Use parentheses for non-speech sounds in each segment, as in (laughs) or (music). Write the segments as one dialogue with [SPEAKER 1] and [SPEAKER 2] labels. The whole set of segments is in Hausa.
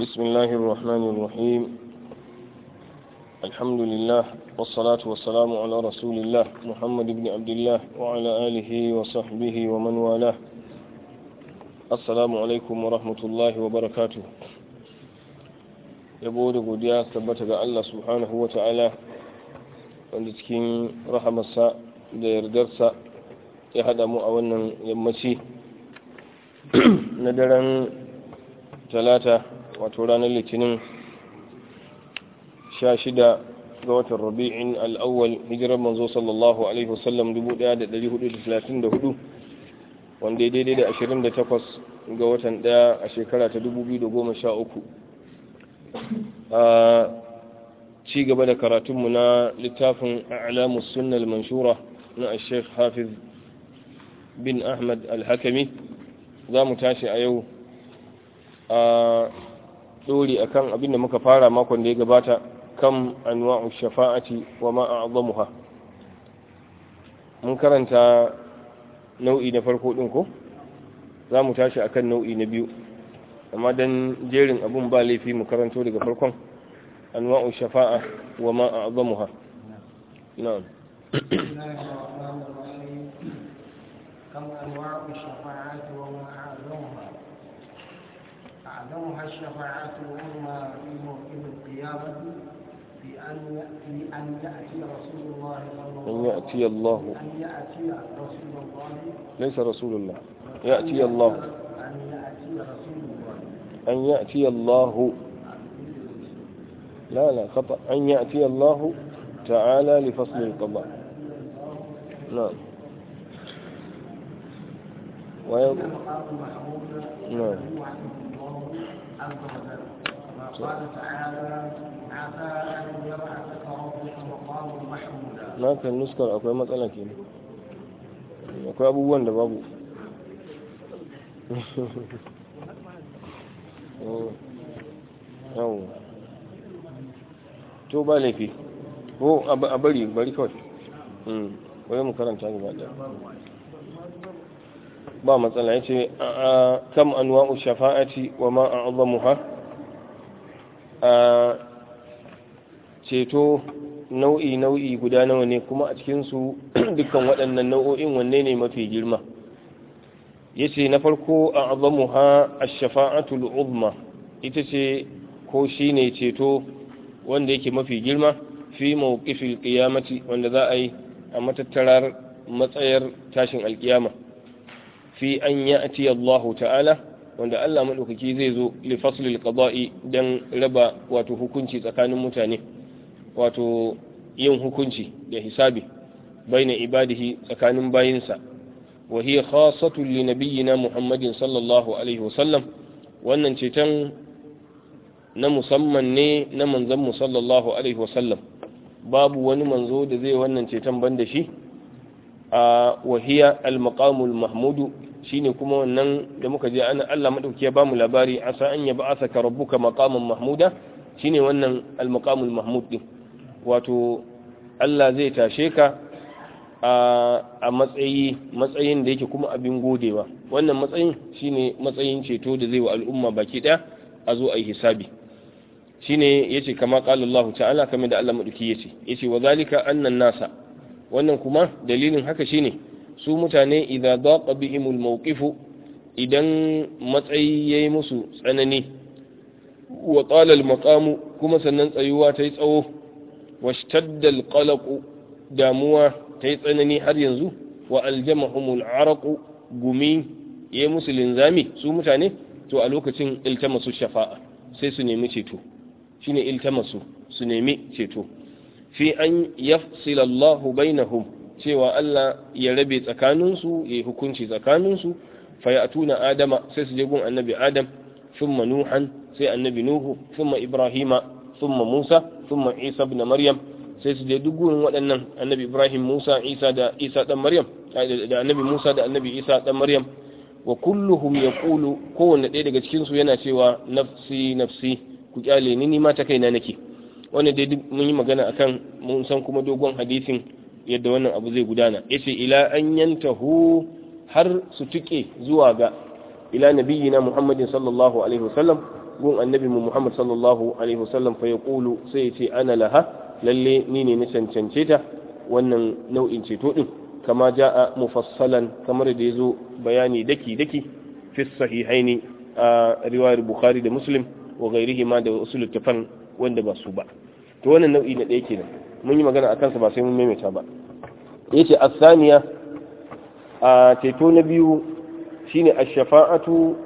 [SPEAKER 1] بسم الله الرحمن الرحيم الحمد لله والصلاة والسلام على رسول الله محمد بن عبد الله وعلى آله وصحبه ومن والاه السلام alaikum ورحمة الله وبركاته yabo da godiya tabbata ga Allah subhanahu wa ta'ala wanda cikin rahamarsa da yardarsa ya hada mu a wannan yammaci na daren talata wato ranar litinin 16 ga watan rabi'in al'awwal hijirar manzo sallallahu alaihi wasallam 1434 wanda ya daidai da 28 ga watan daya a shekara ta 2013 a ci gaba da karatunmu na littafin a'lamus sunnal manshura na sheikh hafiz bin ahmad alhakami za mu tashi a yau a dori akan abin da muka fara makon da ya gabata kam anwa'u shafa'ati wa ma a'zamuha mun karanta nau'i na farko din ko za mu tashi akan nau'i na biyu amma don jerin abun ba laifi mu karanto daga farkon anwa'u shafa'a wa ma a'zamuha na'am
[SPEAKER 2] كم تفهمها الشفاعة العظمى في موقف القيامة بأن أن يأتي رسول الله صلى الله عليه وسلم أن يأتي الله أن يأتي رسول الله ليس
[SPEAKER 1] رسول الله يأتي الله
[SPEAKER 2] أن يأتي رسول
[SPEAKER 1] الله أن يأتي الله لا لا خطأ أن يأتي الله تعالى لفصل القضاء نعم ويض...
[SPEAKER 2] نعم عز وجل وقال
[SPEAKER 1] akwai matsala ان akwai abubuwan da babu yawon to ba laifi ko a bari bari kawai wani hmm. mu karanta ne ba ba matsala ya ce kam anwa'u shafa'ati wa ma a'zamuha a ceto nau'i nau'i guda nawa ne kuma a cikinsu (clears throat) dukkan waɗannan nau'o'in wanne ne mafi girma ya ce na farko a ha a shafa'atul uzma ita ce ko shi ne ceto wanda yake mafi girma fi mawqifil qiyamati wanda za a yi a matattarar matsayar tashin alkiyama fi an ya'ti Allah ta'ala wanda Allah madaukaki zai zo li faslil qada'i dan raba wato hukunci tsakanin mutane wato yin hukunci da hisabi baina ibadihi tsakanin bayinsa wa hiya khassatu li nabiyyina Muhammadin sallallahu alaihi wasallam wannan ceton na musamman ne na manzon mu sallallahu alaihi wasallam babu wani manzo da zai wannan ceton banda shi wa hiya al-maqamul mahmudu shine kuma wannan da muka je ana Allah madauki ya bamu labari asa an ya ba'asaka rabbuka maqaman mahmuda shine wannan al-maqamul mahmud din wato Allah zai tashe ka a matsayi matsayin da yake kuma abin godewa wannan matsayin shine matsayin ceto da zai wa al'umma baki daya a zo a yi hisabi shine yace kama qala Allah ta'ala kamar da Allah madauki yace yace wa zalika annan nasa wannan kuma dalilin haka shine su mutane idan daqa bihimul mawqifu idan matsayi yayi musu tsanani wa qala al kuma sannan tsayuwa ta yi tsawo washtadda al qalaq damuwa tayi tsanani har yanzu wa aljamahumul araq gumi yayi musu linzami su mutane to a lokacin iltamasu shafa'a sai su nemi ceto shine iltamasu su nemi ceto fi an yafsila Allah bainahum cewa Allah ya rabe tsakaninsu ya hukunci tsakaninsu fa adama sai su je gun annabi adam thumma nuhan sai annabi nuhu thumma ibrahima thumma musa thumma isa ibn maryam sai su je duk gurin waɗannan annabi ibrahim musa isa da isa dan maryam da annabi musa da annabi isa dan maryam wa kulluhum yaqulu kowanne ɗaya daga cikin su yana cewa nafsi nafsi ku kyale ni ni ma ta kaina nake wannan dai duk mun yi magana akan mun san kuma dogon hadisin yadda wannan abu zai gudana yace ila an yantahu har su tuke zuwa ga ila nabiyina muhammadin sallallahu alaihi wasallam gun annabi mu muhammad sallallahu alaihi wasallam fa yaqulu sai yace ana laha lalle ni ne na cancance ta wannan nau'in ceto din kama jaa mufassalan kamar da yazo bayani daki daki fi sahihaini a riwayar bukhari da muslim wa ghairihi ma da usul tafan wanda ba su ba to wannan nau'i na ɗaya kenan mun yi magana akan sa ba sai mun maimaita ba yace as-saniya a ceto na biyu shine a shafaatu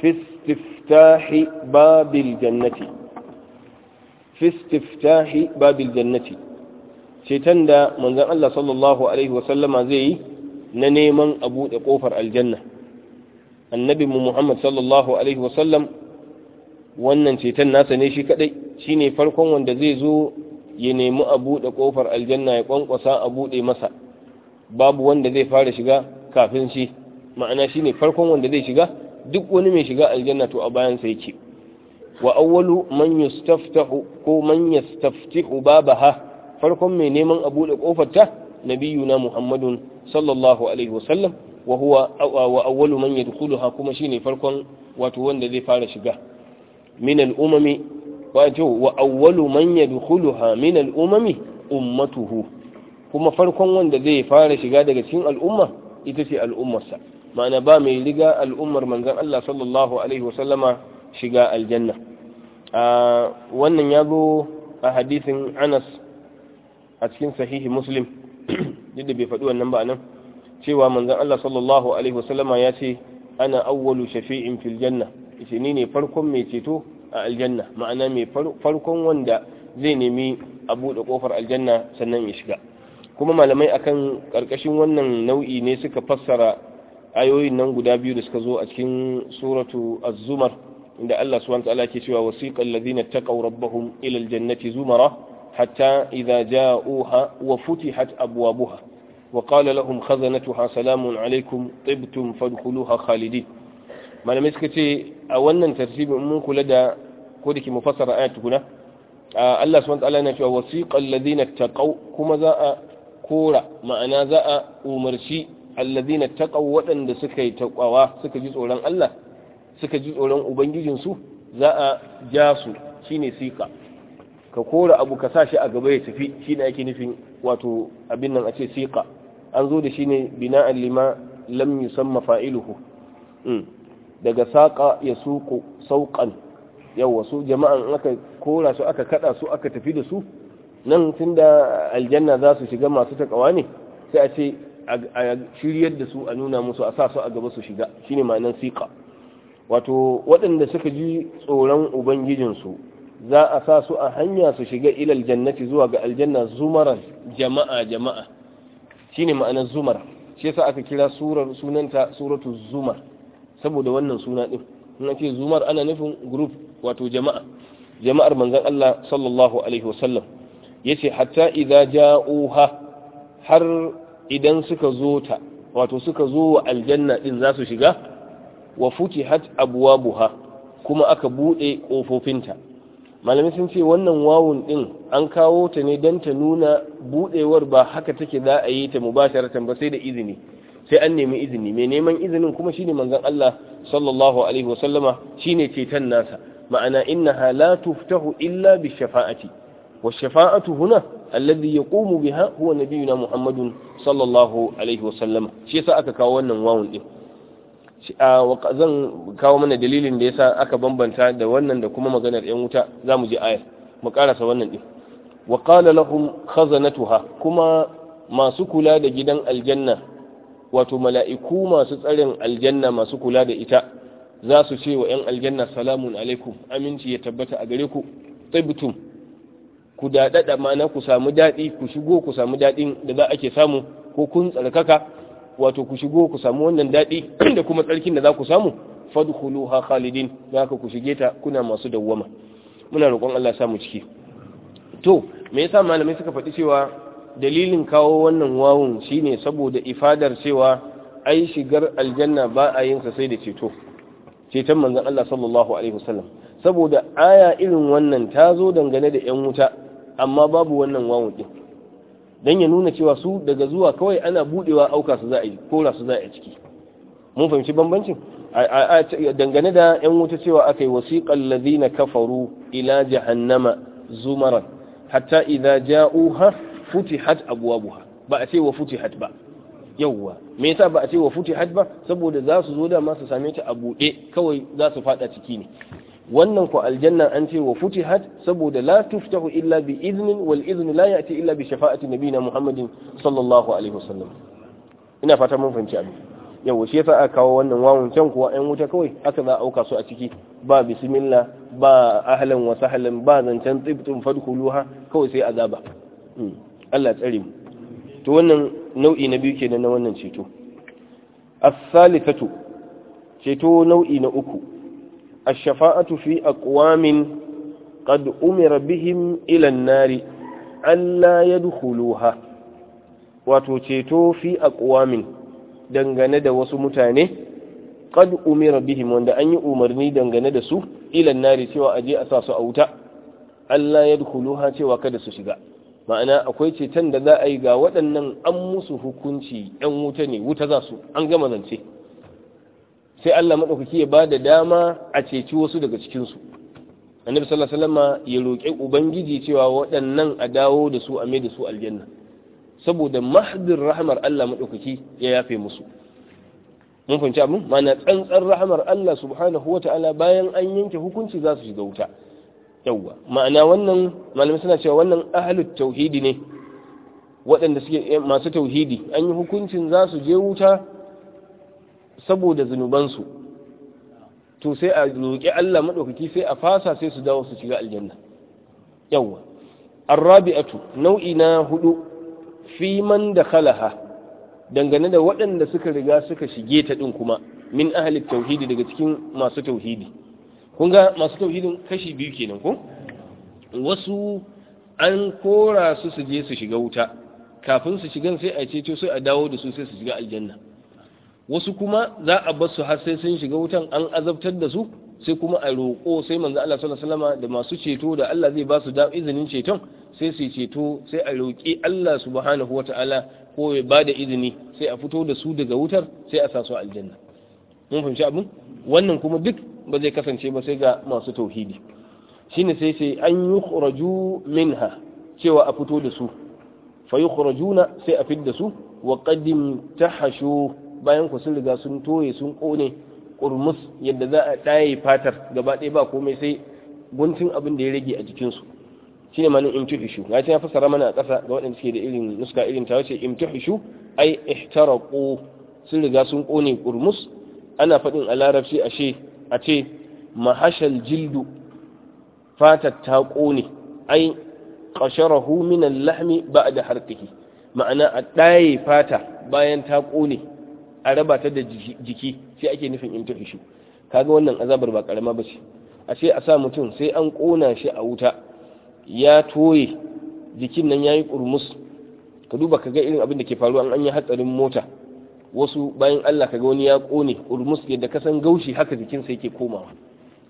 [SPEAKER 1] fi istiftahi babil jannati fi istiftahi babil jannati ceton da manzon Allah sallallahu alaihi wa sallama zai yi na neman a buɗe kofar aljanna annabi mu Muhammad sallallahu alaihi wa sallam wannan ceton nasa ne shi kadai shi ne farkon wanda zai zo ya nemi a buɗe ƙofar aljanna ya ƙwanƙwasa a buɗe masa babu wanda zai fara shiga kafin shi ma'ana shi ne farkon wanda zai shiga duk wani mai shiga aljanna to a bayan sa yake wa awwalu man yastaftahu ko man yastaftihu babaha farkon mai neman a buɗe ƙofar ta nabiyuna muhammadun sallallahu alaihi wasallam wa huwa wa awwalu man yadkhuluha kuma shine farkon wato wanda zai fara shiga min al'umami wato wa awwalu man yadkhuluha min al'umami kuma farkon wanda zai fara shiga daga cikin al'umma ita ce al'ummarsa ma'ana ba mai riga al'ummar manzan Allah sallallahu alaihi wasallama shiga aljanna wannan ya zo a hadisin Anas a cikin sahihi Muslim yadda bai faɗi wannan ba nan cewa manzan Allah sallallahu alaihi wasallama ya ce ana awwalu shafi'in fil janna ce ne farkon mai ceto a aljanna ma'ana mai farkon wanda zai nemi a buɗe ƙofar aljanna sannan ya shiga kuma malamai akan ƙarƙashin wannan nau'i ne suka fassara ayoyin nan guda biyu da suka zo a cikin suratu az-zumar inda Allah subhanahu wa ke cewa wasiqal ladina taqaw rabbahum ila al-jannati zumara hatta idza ja'uha wa futihat abwabuha وقال lahum خزنتها سلام عليكم طبتم ha khalidin malamai suka ce a wannan tartibin mun kula da ko da ke mufassara ayat tukuna Allah subhanahu ta'ala yana cewa wasiqal ladina taqaw kuma za a kora ma'ana za a umarci alladina taqaw waɗanda suka yi taqwawa suka ji tsoron Allah suka ji tsoron ubangijin su za a ja su shine sika ka kora abu ka sashi a gaba ya tafi shine ake nufin wato abin nan a ce sika an zo da shine bina'an lima lam yusamma fa'iluhu hmm. daga saƙa ya suƙo sauƙan yawa su jama'an aka kora su aka kada su aka tafi da su nan tun da aljanna za su shiga masu taƙawa ne sai a ce a shiryar da su a nuna musu a sa su a gaba su shiga shine ma'anar siƙa wato waɗanda suka ji tsoron ubangijinsu za a sa su a hanya su shiga ilal jannati zuwa ga aljanna zumaran jama'a jama'a shine ma'anar zumar shi yasa aka kira sunanta suratu zumar saboda wannan suna din in ce zumar ana nufin group wato jama'a jama'ar manzon Allah sallallahu alaihi wasallam yace hatta idza ja'uha har idan suka zo ta wato suka zo wa aljanna din za su shiga wa fuki futihat abwabuha kuma aka bude kofofinta malamai sun ce wannan wawun din an kawo ta ne don ta nuna budewar ba haka take za a yi ta mubasharatan ba sai da izini sai an nemi izini mai neman izinin kuma shine manzon Allah sallallahu alaihi wasallama shine ceton nasa ma'ana innaha la tuftahu illa bi shafa'ati wa shafa'atu huna alladhi yaqumu biha huwa nabiyuna muhammadun sallallahu alaihi wasallama shi yasa aka kawo wannan wawun din zan kawo mana dalilin da yasa aka bambanta da wannan da kuma maganar yan wuta zamu je ayar mu karasa wannan din wa qala lahum khazanatuha kuma masu kula da gidan aljanna wato mala'iku masu tsarin aljanna masu kula da ita za su ce wa 'yan aljanna salamun alaikum aminci ya tabbata a gare ku tsibtum ku daɗaɗa mana ku samu daɗi ku shigo ku samu daɗin da za ake samu ko kun tsarkaka wato ku shigo ku samu wannan daɗi (clears throat) da kuma tsarkin da za ku samu ha khalidin da haka ku shige ta kuna masu dawwama muna roƙon Allah ya samu ciki to me yasa malamai suka faɗi cewa dalilin kawo wannan wawun shine saboda ifadar cewa ai shigar aljanna ba a yin sa sai da ceto ceton manzon Allah sallallahu alaihi wasallam saboda aya irin wannan ta zo dangane da yan wuta amma babu wannan wawun din dan ya nuna cewa su daga zuwa kawai ana budewa auka su za a yi kora su za a ciki mun fahimci bambancin dangane da yan wuta cewa akai wasiqal ladina kafaru ila jahannama zumaran hatta idza ja'uha futihat abwabuha ba a ce wa futihat ba yawwa me yasa ba a ce wa futihat ba saboda za su zo da ma su same ta a buɗe kawai za su fada ciki ne wannan ku aljanna an ce wa futihat saboda la tuftahu illa bi iznin wal iznu la ya'ti illa bi shafa'ati nabina muhammadin sallallahu alaihi wasallam ina fata mun fahimci abin yawa shi yasa aka kawo wannan wawun can kuwa ɗan wuta kawai aka za a auka su a ciki ba bismillah ba ahlan wa sahlan ba zancen tsibtun fadkhuluha kawai sai azaba hmm. Allah tsare mu to wannan nau'i na biyu kenan na wannan ceto as salifatu ceto nau'i na uku ash-shafa'atu fi aqwamin qad umira bihim ila an-nari alla yadkhuluha wato ceto fi aqwamin dangane da wasu mutane qad umira bihim wanda an yi umarni dangane da su ila an-nari cewa aje a sa su a wuta alla yadkhuluha cewa kada su shiga ma'ana akwai ceton da za a yi ga waɗannan an musu hukunci yan wuta ne wuta za su an gama zance sai Allah maɗaukaki ya ba da dama a ceci wasu daga cikinsu annabi sallallahu alaihi ya roƙi ubangiji cewa waɗannan a dawo da su a mai da su aljanna saboda mahdin rahamar Allah maɗaukaki ya yafe musu mun fahimci abin mana tsantsan rahamar Allah subhanahu wa ta'ala bayan an yanke hukunci za su shiga wuta yawwa ma'ana wannan malamai suna cewa wannan ahalut tauhidi ne waɗanda suke eh, masu tauhidi an yi hukuncin za su je wuta saboda zunubansu to sai a roƙi Allah maɗaukaki sai a fasa sai su dawo su shiga aljanna yawwa arrabi'atu nau'i na hudu fi man dakhalaha dangane da waɗanda suka riga suka shige ta din kuma min ahli tauhidi daga cikin masu tauhidi kun ga masu tauhidin kashi biyu kenan ko wasu an kora su su je su shiga wuta kafin su shigan sai a ce sai a dawo da su sai su shiga aljanna wasu kuma za a bar su har sai sun shiga wutan an azabtar da su sai kuma a roƙo sai manzo Allah sallallahu alaihi wasallam da masu ceto da Allah zai ba su da izinin ceton sai su ceto sai a roƙi Allah subhanahu wataala ko ya ba da izini sai a fito da su daga wutar sai a sa su aljanna mun fahimci abin wannan kuma duk ba zai kasance ba sai ga masu tauhidi shine sai sai an yi yukhraju minha cewa a fito da su fa yi na sai a da su wa qadim tahashu bayan ku sun riga sun toye sun kone kurmus yadda za a ɗaye fatar gaba ɗaya ba komai sai guntun abin da ya rage a jikinsu shi ne manin imtuhishu ya ce ya fasa mana a ƙasa ga waɗanda suke da irin nuska irin ta wace imtuhishu ai ihtaraqu sun riga sun kone kurmus ana faɗin a larabci ashe a ce mahashal jildu fatar ta ƙone ai ƙasharahu minan lahmi ba da harkaki ma'ana a ɗaye fata bayan ta ƙone a raba ta da jiki sai ake nufin in tafi kaga wannan azabar ba ƙarama ba ce a ce a sa mutum sai an ƙona shi a wuta ya toye jikin nan ya yi ƙurmus ka duba ka ga irin abin da ke faruwa an yi hatsarin mota wasu bayan Allah ka ga wani ya kone kurmus da san gaushi haka jikinsa yake komawa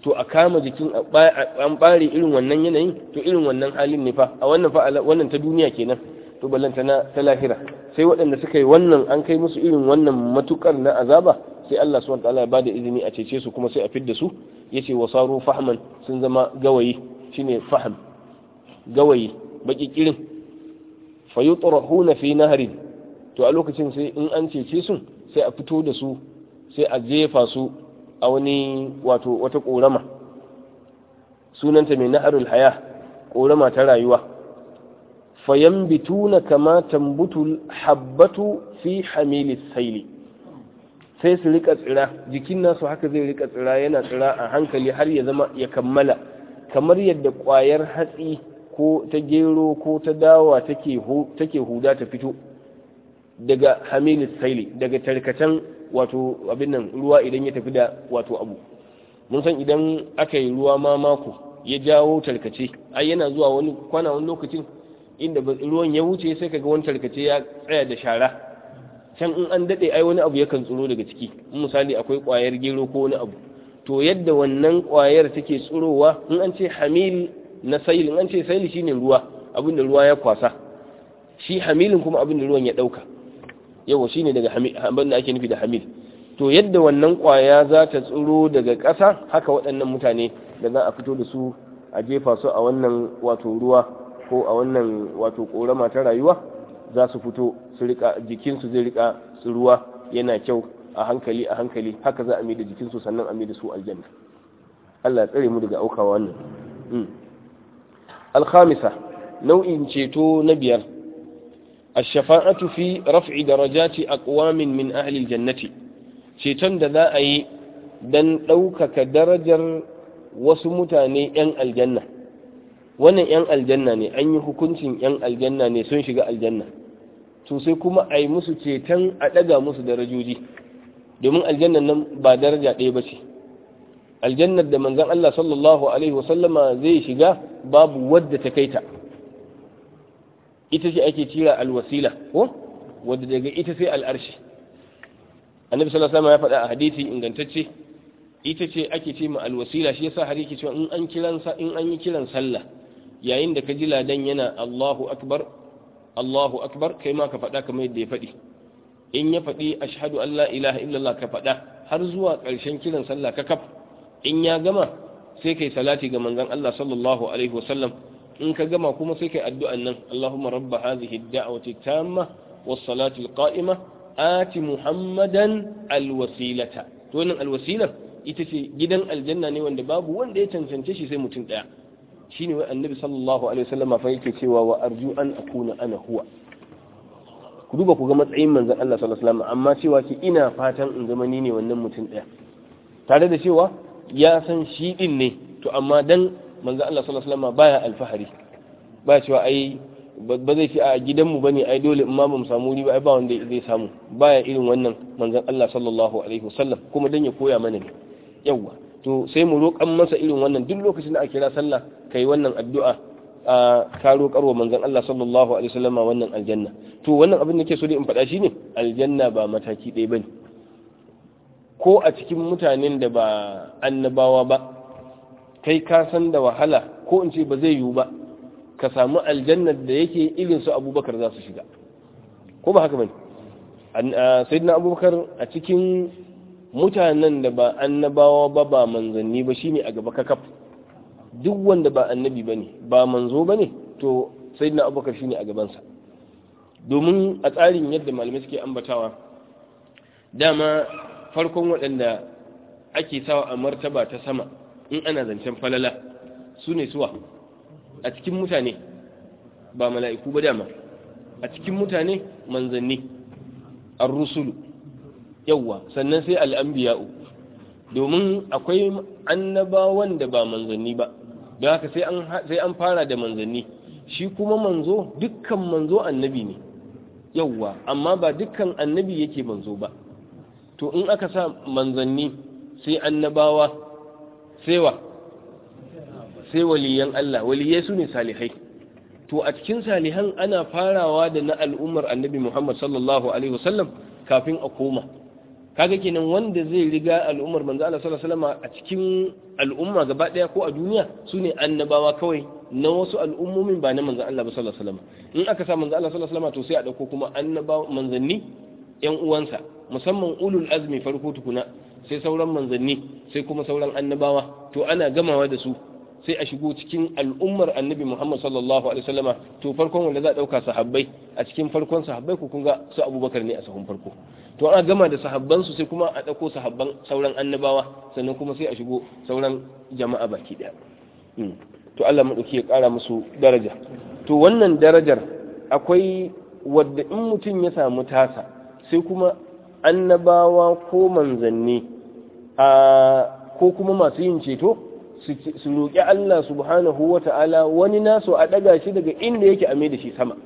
[SPEAKER 1] to a kama jikin an bare irin wannan yanayin to irin wannan halin ne fa a wannan fa wannan ta duniya kenan to ballanta na ta lahira sai waɗanda suka yi wannan an kai musu irin wannan matukar na azaba sai Allah subhanahu wataala ya bada izini a cece su kuma sai a fidda su yace wasaru fahman sun zama gawayi shine faham gawayi baki kirin fayutrahuna fi harin. to a lokacin sai in an cece su sai a fito da su sai a jefa su a wani wato wata ƙorama sunanta mai na'arul haya ƙorama ta rayuwa fayan fayambituna kama tambutul habbatu fi hamilis saili sai su rika tsira jikin nasu haka zai rika tsira yana tsira a hankali har ya zama ya kammala kamar yadda kwayar hatsi ko ta gero ko ta dawa take huda ta fito daga hamilis saili daga tarkacen wato abin nan ruwa idan ya tafi da wato abu mun san idan aka yi ruwa ma mako ya jawo tarkace ai yana zuwa wani kwana wani lokacin inda ruwan ya wuce sai kaga wani tarkace ya tsaya da shara can in an dade ai wani abu yakan tsoro daga ciki misali akwai kwayar gero ko wani abu to yadda wannan kwayar take tsirowa in an ce hamil na sail in an ce sail shine ruwa abin ruwa ya kwasa shi hamilin kuma abinda ruwan ya ɗauka. yawa shine daga abin ake nufi da hamid to yadda wannan kwaya za ta tsiro daga ƙasa haka waɗannan mutane da za a fito da su a jefa su a wannan wato ruwa ko a wannan wato ƙorama ta rayuwa za su fito su rika jikinsu zai rika ruwa yana kyau a hankali a hankali haka za a mai da jikinsu sannan a mai da su aljanna Allah ya tsare mu daga aukawa wannan hmm. alhamisa nau'in ceto na biyar الشفاعة في رفع درجات أقوام من أهل الجنة ceton da za a yi don ɗaukaka darajar wasu mutane 'yan aljanna wannan 'yan aljanna ne an yi hukuncin 'yan aljanna ne sun shiga aljanna to sai kuma a yi musu ceton a ɗaga musu darajoji domin aljanna nan ba daraja ɗaya ba ce aljannar da manzan Allah sallallahu Alaihi wasallama zai shiga babu wadda ta kaita ta ita ce ake cira alwasila ko wadda daga ita sai al'arshi annabi sallallahu alaihi ya faɗa a hadisi ingantacce ita ce ake ce ma alwasila shi yasa har yake cewa in an kiran in an yi kiran sallah yayin da ka ji ladan yana Allahu akbar Allahu akbar kai ma ka faɗa kamar yadda ya faɗi in ya faɗi ashhadu an la ilaha illallah ka faɗa har zuwa ƙarshen kiran sallah ka kaf in ya gama sai kai salati ga manzon Allah sallallahu alaihi wasallam in ka gama kuma sai kai addu'an nan Allahumma rabba hadhihi ad-da'wati tamma was-salati al-qa'ima ati Muhammadan al-wasilata to wannan al-wasila ita ce gidan aljanna ne wanda babu wanda ya cancance shi sai mutum daya shine wai annabi sallallahu alaihi wasallam fa yake cewa wa arju an akuna ana huwa ku duba ku ga matsayin manzon Allah sallallahu alaihi wasallam amma cewa ki ina fatan in zama ni ne wannan mutum daya tare da cewa ya san shi din ne to amma dan manzo Allah sallallahu alaihi wasallam baya alfahari ba cewa ai ba zai fi a gidanmu bane ai dole in ma ba mu samu riba ai ba wanda zai samu baya irin wannan manzo Allah sallallahu alaihi wasallam kuma dan ya koya mana ne yawa to sai mu roƙan masa irin wannan duk lokacin da a kira sallah kai wannan addu'a a ka roƙarwa manzo Allah sallallahu alaihi wasallam wannan aljanna to wannan abin da nake so dai in faɗa shine aljanna ba mataki ɗaya bane ko a cikin mutanen da ba annabawa ba kai ka san da wahala ko in ce ba zai yiwu ba ka samu aljannar da yake irin su abubakar za su shiga ko ba haka bane sayyidina abubakar a cikin mutanen da ba annabawa ba ba manzanni ba ne a gaba kakaf duk wanda ba annabi ne, ba manzo ne? to sayyidina abubakar ne a gabansa domin a tsarin yadda malamai suke ambatawa dama farkon waɗanda ake sawa a martaba ta sama in ana zancen falala su ne suwa a cikin mutane ba mala'iku ba dama a cikin mutane manzanni an rusulu yawwa sannan sai al'ambiya'u domin akwai annabawan da ba manzanni ba don haka sai an fara da manzanni shi kuma manzo dukkan manzo annabi ne yawwa amma ba dukkan annabi yake manzo ba to in aka sa manzanni sai annabawa sewa sai waliyan Allah waliyai su ne salihai to a cikin salihan ana farawa da na al'ummar annabi Muhammad sallallahu alaihi wasallam kafin a koma kaga kenan wanda zai riga al'ummar manzo Allah sallallahu alaihi wasallam a cikin al'umma gaba daya ko a duniya su ne annabawa kawai na wasu al'ummomin ba na manzo Allah ba sallallahu alaihi wasallam in aka sa manzo Allah sallallahu alaihi wasallam to sai a dauko kuma annabawa manzanni yan uwansa musamman ulul azmi farko tukuna sai sauran manzanni sai kuma sauran annabawa to ana gamawa da su sai a shigo cikin al'ummar annabi Muhammad sallallahu alaihi wasallama to farkon wanda za a dauka sahabbai a cikin farkon sahabbai ku kunga su Abubakar ne a sahun farko to ana gama da sahabban su sai kuma a dauko sahabban sauran annabawa sannan kuma sai a shigo sauran jama'a baki daya hmm. to Allah madauki ya kara musu daraja to wannan darajar akwai wadda in mutum ya samu tasa sai kuma annabawa ko manzanni ko kuma masu yin ceto su roƙi Allah subhanahu wa ta'ala wani nasu a ɗaga shi daga inda yake a da shi sama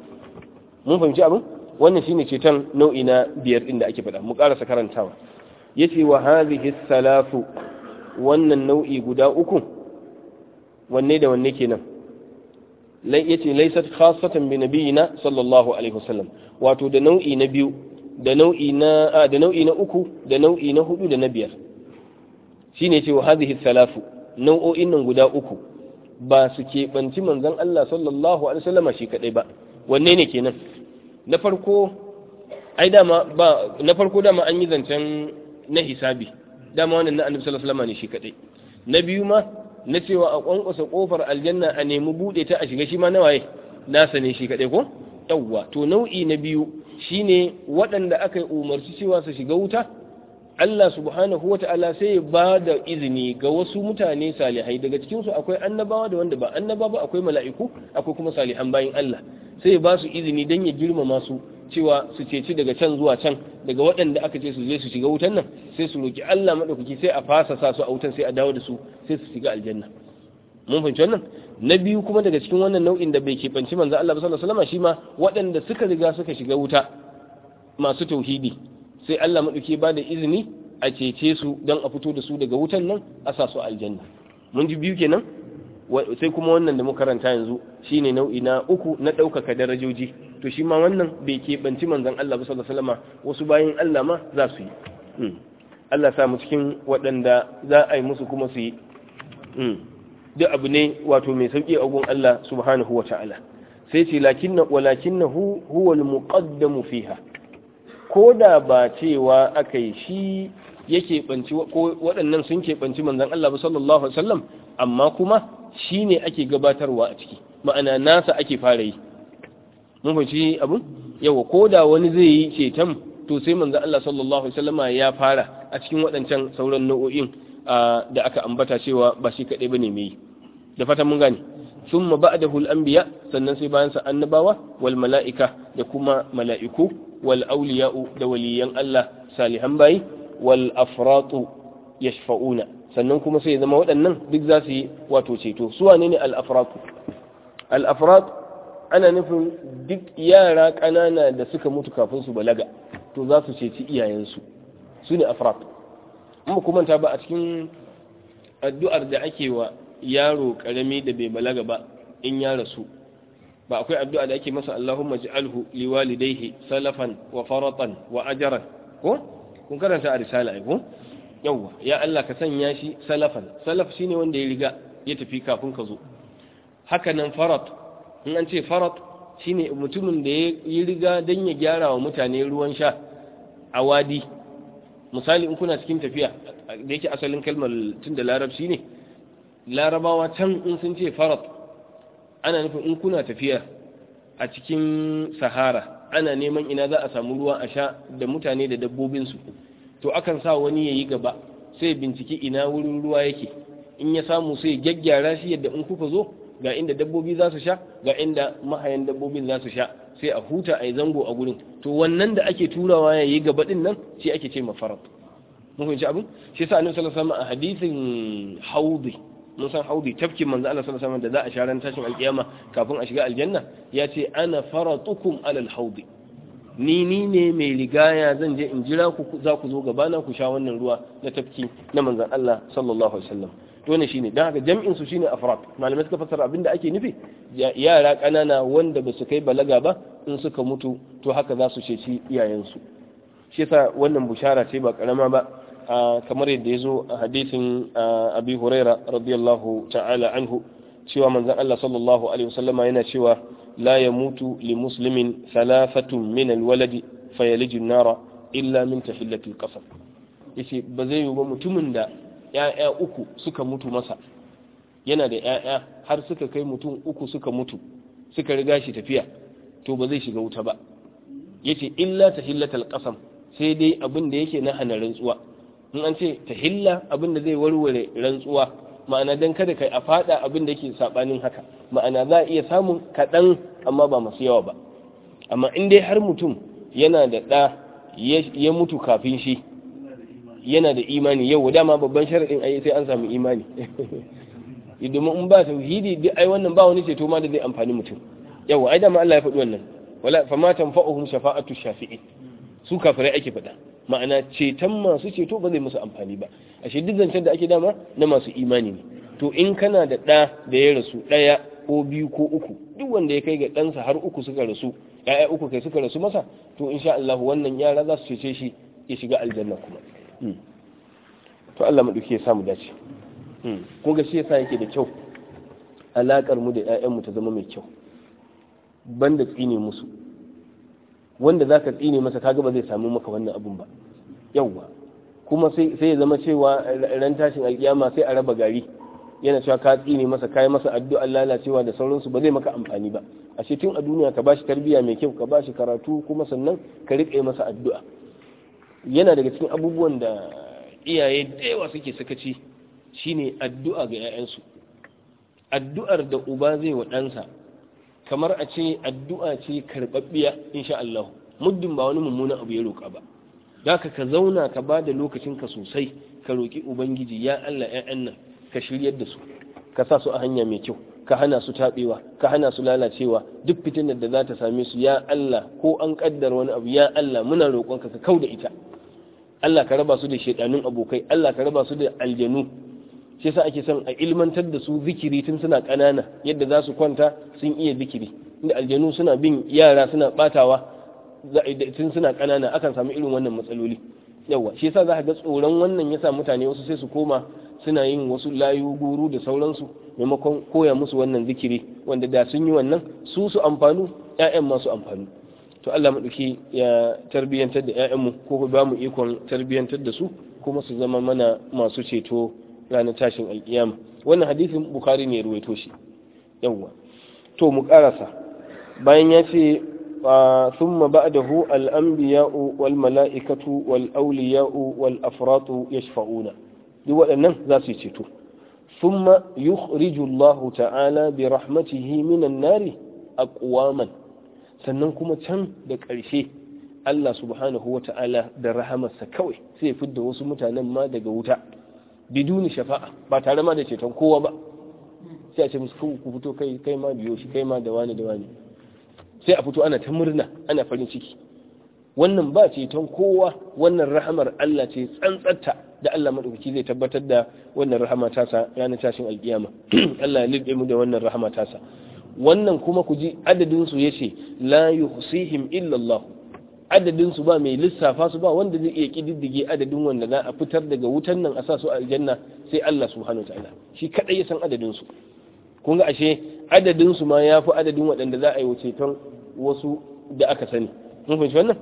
[SPEAKER 1] mun fahimci abin wannan shine ceton nau'i na biyar ɗin da ake faɗa mu ƙarasa karantawa yace wa hadhihi salatu wannan nau'i guda uku wanne da wanne kenan lai yace laysat khassatan bi nabiyina sallallahu alaihi wasallam wato da nau'i na biyu da nau'i na da nau'i na uku da nau'i na hudu da na biyar Shi ce wa hadhihi salafu nau'o'in nan guda uku ba su keɓanci manzan Allah sallallahu alaihi wasallam shi kadai ba wanne ne kenan na farko ai dama ba na farko dama an yi zancen na hisabi dama wannan na annabi sallallahu alaihi wasallam ne shi kadai na biyu ma na cewa a kwankwasa kofar aljanna a nemi bude ta a shiga shi ma na waye nasa ne shi kadai ko yawwa to nau'i na biyu shine waɗanda aka yi umarci cewa su shiga wuta Allah subhanahu wa ta'ala sai ba da izini ga wasu mutane salihai daga cikinsu akwai annabawa da wanda ba annaba ba akwai mala'iku akwai kuma salihan bayin Allah sai ba su izini don ya girmama su cewa su ceci daga can zuwa can daga waɗanda aka ce su je su shiga wutan nan sai su roki Allah maɗaukaki sai a fasa sa su a wutan sai a dawo da su sai su shiga aljanna mun fahimci wannan na biyu kuma daga cikin wannan nau'in da bai keɓanci manzo Allah ba sallallahu alaihi wasallam shi ma waɗanda suka riga suka shiga wuta masu tauhidi sai Allah maɗauki ba da izini a cece su don a fito da su daga wutan nan a sa su aljanna mun ji biyu kenan sai kuma wannan da makaranta yanzu shine nau'i na uku na ɗaukaka darajoji to shi ma wannan bai ke keɓanci manzan Allah ba sallallahu alaihi wasu bayan Allah ma za su yi hmm. Allah sa cikin waɗanda za a yi musu kuma su yi hmm. duk abu ne wato mai sauƙi a gun Allah subhanahu wa ta'ala sai ce lakinna walakinnahu huwa al-muqaddamu fiha ko da ba cewa aka yi shi yake banci ko waɗannan sun banci manzan Allah sallallahu alaihi wasallam amma kuma shi ne ake gabatarwa a ciki ma'ana nasa ake fara yi mun fahimci abu yawa ko da wani zai yi cetan to sai manzan Allah sallallahu alaihi wasallam ya fara a cikin waɗancan sauran nau'o'in da aka ambata cewa ba shi kaɗai bane mai da fatan mun gane sai bayan sa annabawa wal mala’ika da kuma mala'iku wal auliya'u da waliyan Allah salihan bayi wal afratu yashfa'una sannan kuma sai zama waɗannan duk za su yi wato ceto su wane ne al afratu al afrat ana nufin duk yara ƙanana da suka mutu kafin su balaga to za su ceci iyayensu su ne afrat amma kuma ta ba a cikin addu'ar da ake wa yaro ƙarami da bai balaga ba in ya rasu ba akwai addu'a da ake masa Allahumma ij'alhu liwalidayhi salafan wa faratan wa ajran ko kun karanta a risala ai ko yawa ya Allah ka sanya shi salafan salaf shine wanda ya riga ya tafi kafin ka zo haka nan farat in an ce farat shine mutumin da ya riga dan ya gyara wa mutane ruwan sha a wadi misali in kuna cikin tafiya da yake asalin kalmar tun da larabci ne larabawa can in sun ce farat ana nufin in kuna tafiya a cikin sahara ana neman ina za a samu ruwa a sha da mutane da dabbobinsu to akan sa wani ya yi gaba sai binciki ina wurin ruwa yake in ya samu sai gyaggyara shi yadda in kuka zo ga inda dabbobi za su sha ga inda mahayan dabbobin za su sha sai a huta a yi zango a gurin to wannan da ake turawa ya yi gaba din nan shi ake ce mafarat mun abin shi sa annabi sallallahu alaihi wasallam a hadisin haudi mun san haudi tafkin manzo Allah sallallahu alaihi wasallam da za a sharan tashin alkiyama kafin a shiga aljanna ya ce ana faratukum alal haudi ni ni ne mai rigaya zan je in jira ku za ku zo gaba na ku sha wannan ruwa na tafki na manzo Allah sallallahu alaihi wasallam to ne shine dan haka jam'in su shine afrad malamai suka fassara abinda ake nufi yara kanana wanda ba su kai balaga ba in suka mutu to haka za su ceci iyayensu shi yasa wannan bushara ce ba karama ba kamar yadda ya zo a hadisin abi huraira radiyallahu ta'ala anhu cewa manzan Allah sallallahu alaihi wasallama yana cewa la mutu li muslimin thalathatun min alwaladi fayaliju nara illa min tafillatil qasam yace ba zai yi ba mutumin da yaya uku suka mutu masa yana da yaya har suka kai mutum uku suka mutu suka riga shi tafiya to ba zai shiga wuta ba yace illa tahillatal qasam sai dai abin da yake na hanarin rantsuwa in an ce ta abin da zai warware rantsuwa ma'ana dan kada kai a fada abin da yake sabanin haka ma'ana za a iya samun kaɗan amma ba masu yawa ba amma in dai har mutum yana da ɗa ya mutu kafin shi yana da imani yau dama babban sharaɗin ai sai an samu imani (laughs) idan in ba tauhidi duk ai wannan ba wani ceto ma da zai amfani mutum yau ai dama Allah ya faɗi wannan wala fa ma tanfa'uhum shafa'atu shafi'i su kafirai ake faɗa ma'ana ceton masu ceto ba zai musu amfani ba ashe duk zancen da ake dama na masu imani ne to in kana da ɗa da ya rasu ɗaya ko biyu ko uku duk wanda ya kai ga ɗansa har uku suka rasu ɗaya uku kai suka rasu masa to insha Allah wannan yara za su cece shi ya shiga aljanna kuma hmm. to Allah mu ya samu dace hmm. ko ga shi yasa yake da kyau alaƙar mu da mu ta zama mai kyau banda tsine musu wanda za ka tsine masa kaga ba zai samu maka wannan abun ba yauwa kuma sai ya zama cewa ran tashin alkiyama sai a raba gari yana cewa ka tsine masa kai masa addu'a lalacewa da sauransu ba zai maka amfani ba ashe tun a duniya ka bashi tarbiyya mai kyau ka bashi karatu kuma sannan ka riƙe masa addu'a yana daga cikin abubuwan da iyaye da yawa suke sakaci shine addu'a ga 'ya'yansu addu'ar da uba zai wa ɗansa kamar a ce addu'a ce karɓaɓɓiya insha Allah muddin ba wani mummunan abu ya roƙa ba da ka ka zauna ka ba da lokacinka sosai ka roƙi ubangiji ya Allah ‘ya'yan nan ka shiryar da su ka sa su a hanya mai kyau ka hana su taɓewa ka hana su lalacewa duk fitinar da za ta same su ya Allah ko an ƙaddar wani abu ya Allah muna roƙonka ka kau da ita Allah ka raba su da shaiɗanun abokai Allah ka raba su da aljanu shi yasa ake son a ilmantar da su zikiri tun suna ƙanana yadda za su kwanta sun iya zikiri inda aljanu suna bin yara suna batawa tun suna ƙanana akan samu irin wannan matsaloli yawa shi yasa za ka ga tsoron wannan yasa mutane wasu sai su koma suna yin wasu layu guru da sauransu maimakon koya musu wannan zikiri wanda da sun yi wannan su su amfanu ƴaƴan masu amfanu to Allah maɗauki ya tarbiyyantar da ƴaƴanmu ko ba mu ikon tarbiyyantar da su kuma su zama mana masu ceto ranar tashin alkiyama wannan hadisin bukari ne ruwaito shi yawwa to mu karasa bayan ya ce wal mala'ikatu wal والملائكة wal والأفراط yashfa'una duk waɗannan za su yi ceto ثم يخرج الله تعالى برحمته من النار أقواما sannan kuma can da ƙarshe Allah subhanahu wa ta'ala da rahamarsa kawai sai fidda wasu mutanen ma daga wuta biduni shafa'a ba tare ma da ceton kowa ba sai a ce musu ku fito kai kai ma biyo shi kai ma da wani da wani sai a fito ana ta murna ana farin ciki wannan ba ceton kowa wannan rahamar Allah ce tsantsatta da Allah madaukaki zai tabbatar da wannan rahama sa ranar tashin alkiyama (clears throat) Allah ya lubbe mu da wannan rahama tasa wannan kuma ku ji adadin su yace la yuhsihim illa Allah adadin su ba mai lissafa su ba wanda zai iya kididdige adadin wanda za a fitar daga wutan nan a sa su aljanna sai Allah subhanahu ta'ala shi kadai ya san adadin su kun ga ashe adadin ma ya fi adadin waɗanda za a yi wuce wasu da aka sani mun fahimci wannan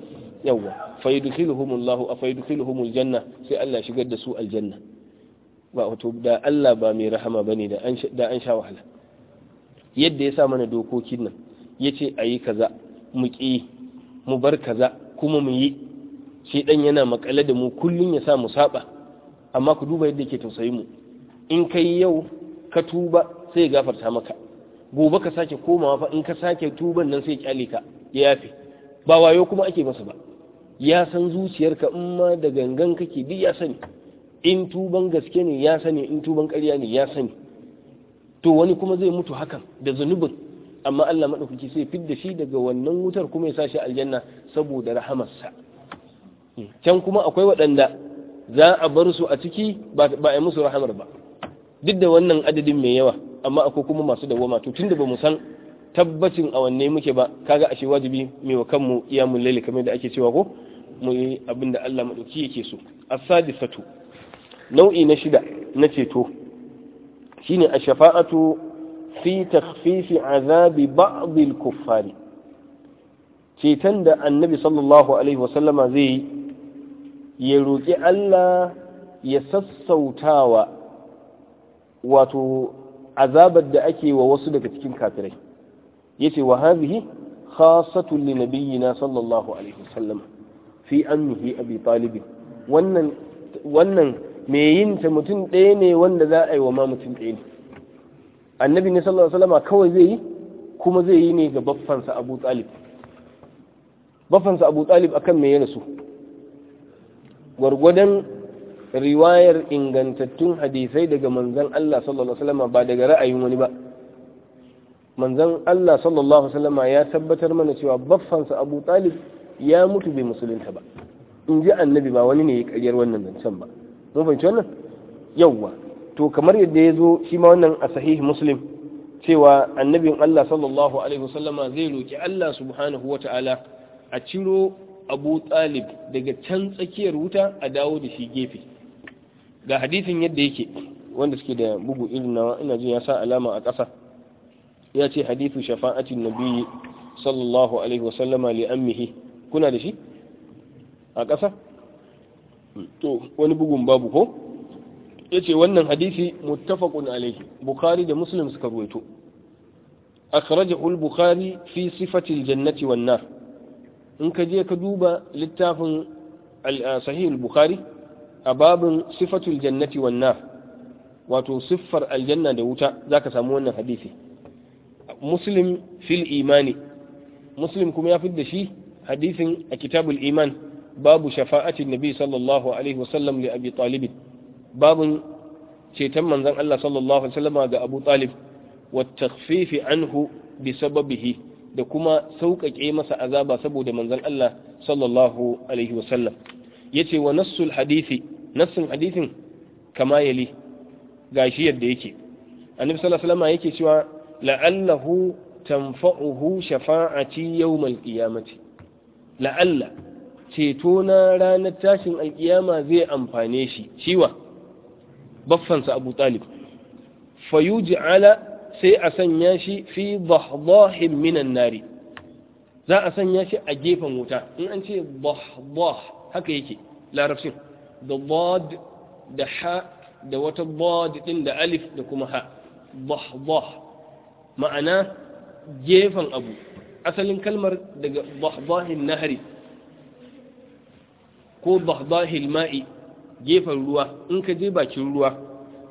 [SPEAKER 1] yawwa fa yudkhiluhumullahu fa yudkhiluhum janna sai Allah shigar da su aljanna ba wato da Allah ba mai rahama bane da an da an sha wahala yadda ya sa mana dokokin nan yace ayi kaza mu mu bar kaza kuma mu yi shi ɗan yana makale da mu kullun ya sa mu saba amma ku duba yadda yake tausayin mu in kai yau ka tuba sai ya gafarta maka gobe ka sake komawa fa in ka sake tuban nan sai ya kyale ka ya yafe ba wayo kuma ake masa ba ya san zuciyarka in ma da gangan kake duk ya sani in tuban gaske ne ya sani in tuban ƙarya ne ya sani to wani kuma zai mutu hakan da zunubin amma Allah maɗaukaki sai da shi daga wannan wutar kuma ya sa shi aljanna saboda rahamarsa can kuma akwai waɗanda za a bar su a ciki ba a musu rahamar ba duk da wannan adadin mai yawa amma akwai kuma masu dawoma to tunda ba mu san tabbacin a wanne muke ba kaga ashe wajibi mai wa kanmu iya mun lalle kamar da ake cewa ko mu yi abin da Allah maɗauki yake so as-sadisatu nau'i na shida na ceto shine a shafaatu fi takhfifi azabi ba'd kufari ceton da annabi sallallahu alaihi wasallama zai ya roki Allah ya sassautawa wato azabar da ake wa wasu daga cikin kafirai yace wa hadhihi khassatun li nabiyyina sallallahu alaihi wasallam fi abi talib wannan wannan me yin ta mutum ɗaya ne wanda za a yi wa ma mutum ɗaya ne annabi ne sallallahu alaihi wasallam kawai zai yi kuma zai yi ne ga baffansa Abu Talib baffansa Abu Talib akan me yana su gurgudan riwayar ingantattun hadisai daga manzon Allah sallallahu alaihi wasallam ba daga ra'ayin wani ba manzon Allah sallallahu alaihi wasallam ya tabbatar mana cewa baffansa Abu Talib ya mutu bai musulunta ba in ji annabi ba wani ne ya karyar wannan zancen ba mun fahimci wannan yawwa to kamar yadda ya zo shi ma wannan a sahih muslim cewa annabin Allah sallallahu alaihi wasallama zai roki Allah subhanahu wata'ala a ciro Abu Talib daga can tsakiyar wuta a dawo da shi gefe ga hadisin yadda yake wanda suke da bugu irin nawa ina jin ya sa alama a ƙasa ya ce hadithu shafa'atin nabiyyi sallallahu alaihi wasallama li ammihi kuna da shi a ƙasa to wani bugun babu ko ya ce wannan hadisi muttafaƙun alayhi bukari da muslim suka ruwaito akhrajahu al bukari fi sifati jannati wan nar in ka je ka duba littafin ah, sahih bukari a babin sifatul jannati wan nar wato siffar aljanna da wuta zaka samu wannan hadisi muslim fil imani muslim kuma ya fidda shi hadisin a kitabul iman babu shafa'atin nabi sallallahu alaihi wasallam li abi talibin babun ceton manzon Allah sallallahu alaihi wasallama ga Abu Talib wa takhfifi anhu bi sababihi da kuma sauƙaƙe masa azaba saboda manzon Allah sallallahu alaihi wasallam yace wa nassul hadisi nassin hadisin kama yali gashi yadda yake annabi sallallahu alaihi yake cewa la'allahu tanfa'uhu shafa'ati yawmal qiyamati la'alla ceto na ranar tashin alkiyama zai amfane shi ciwa baffansa abu talib fayu ala sai a sanya shi fi dhahdahin minan nari za a sanya shi a gefen wuta in an ce dhahdah haka yake larabcin da bad da ha da wata bad din da alif da kuma ha dhahdah ma'ana gefen abu asalin kalmar daga dhahdahin nahari ko dhahdahin ma'i gefen ruwa in ka je bakin ruwa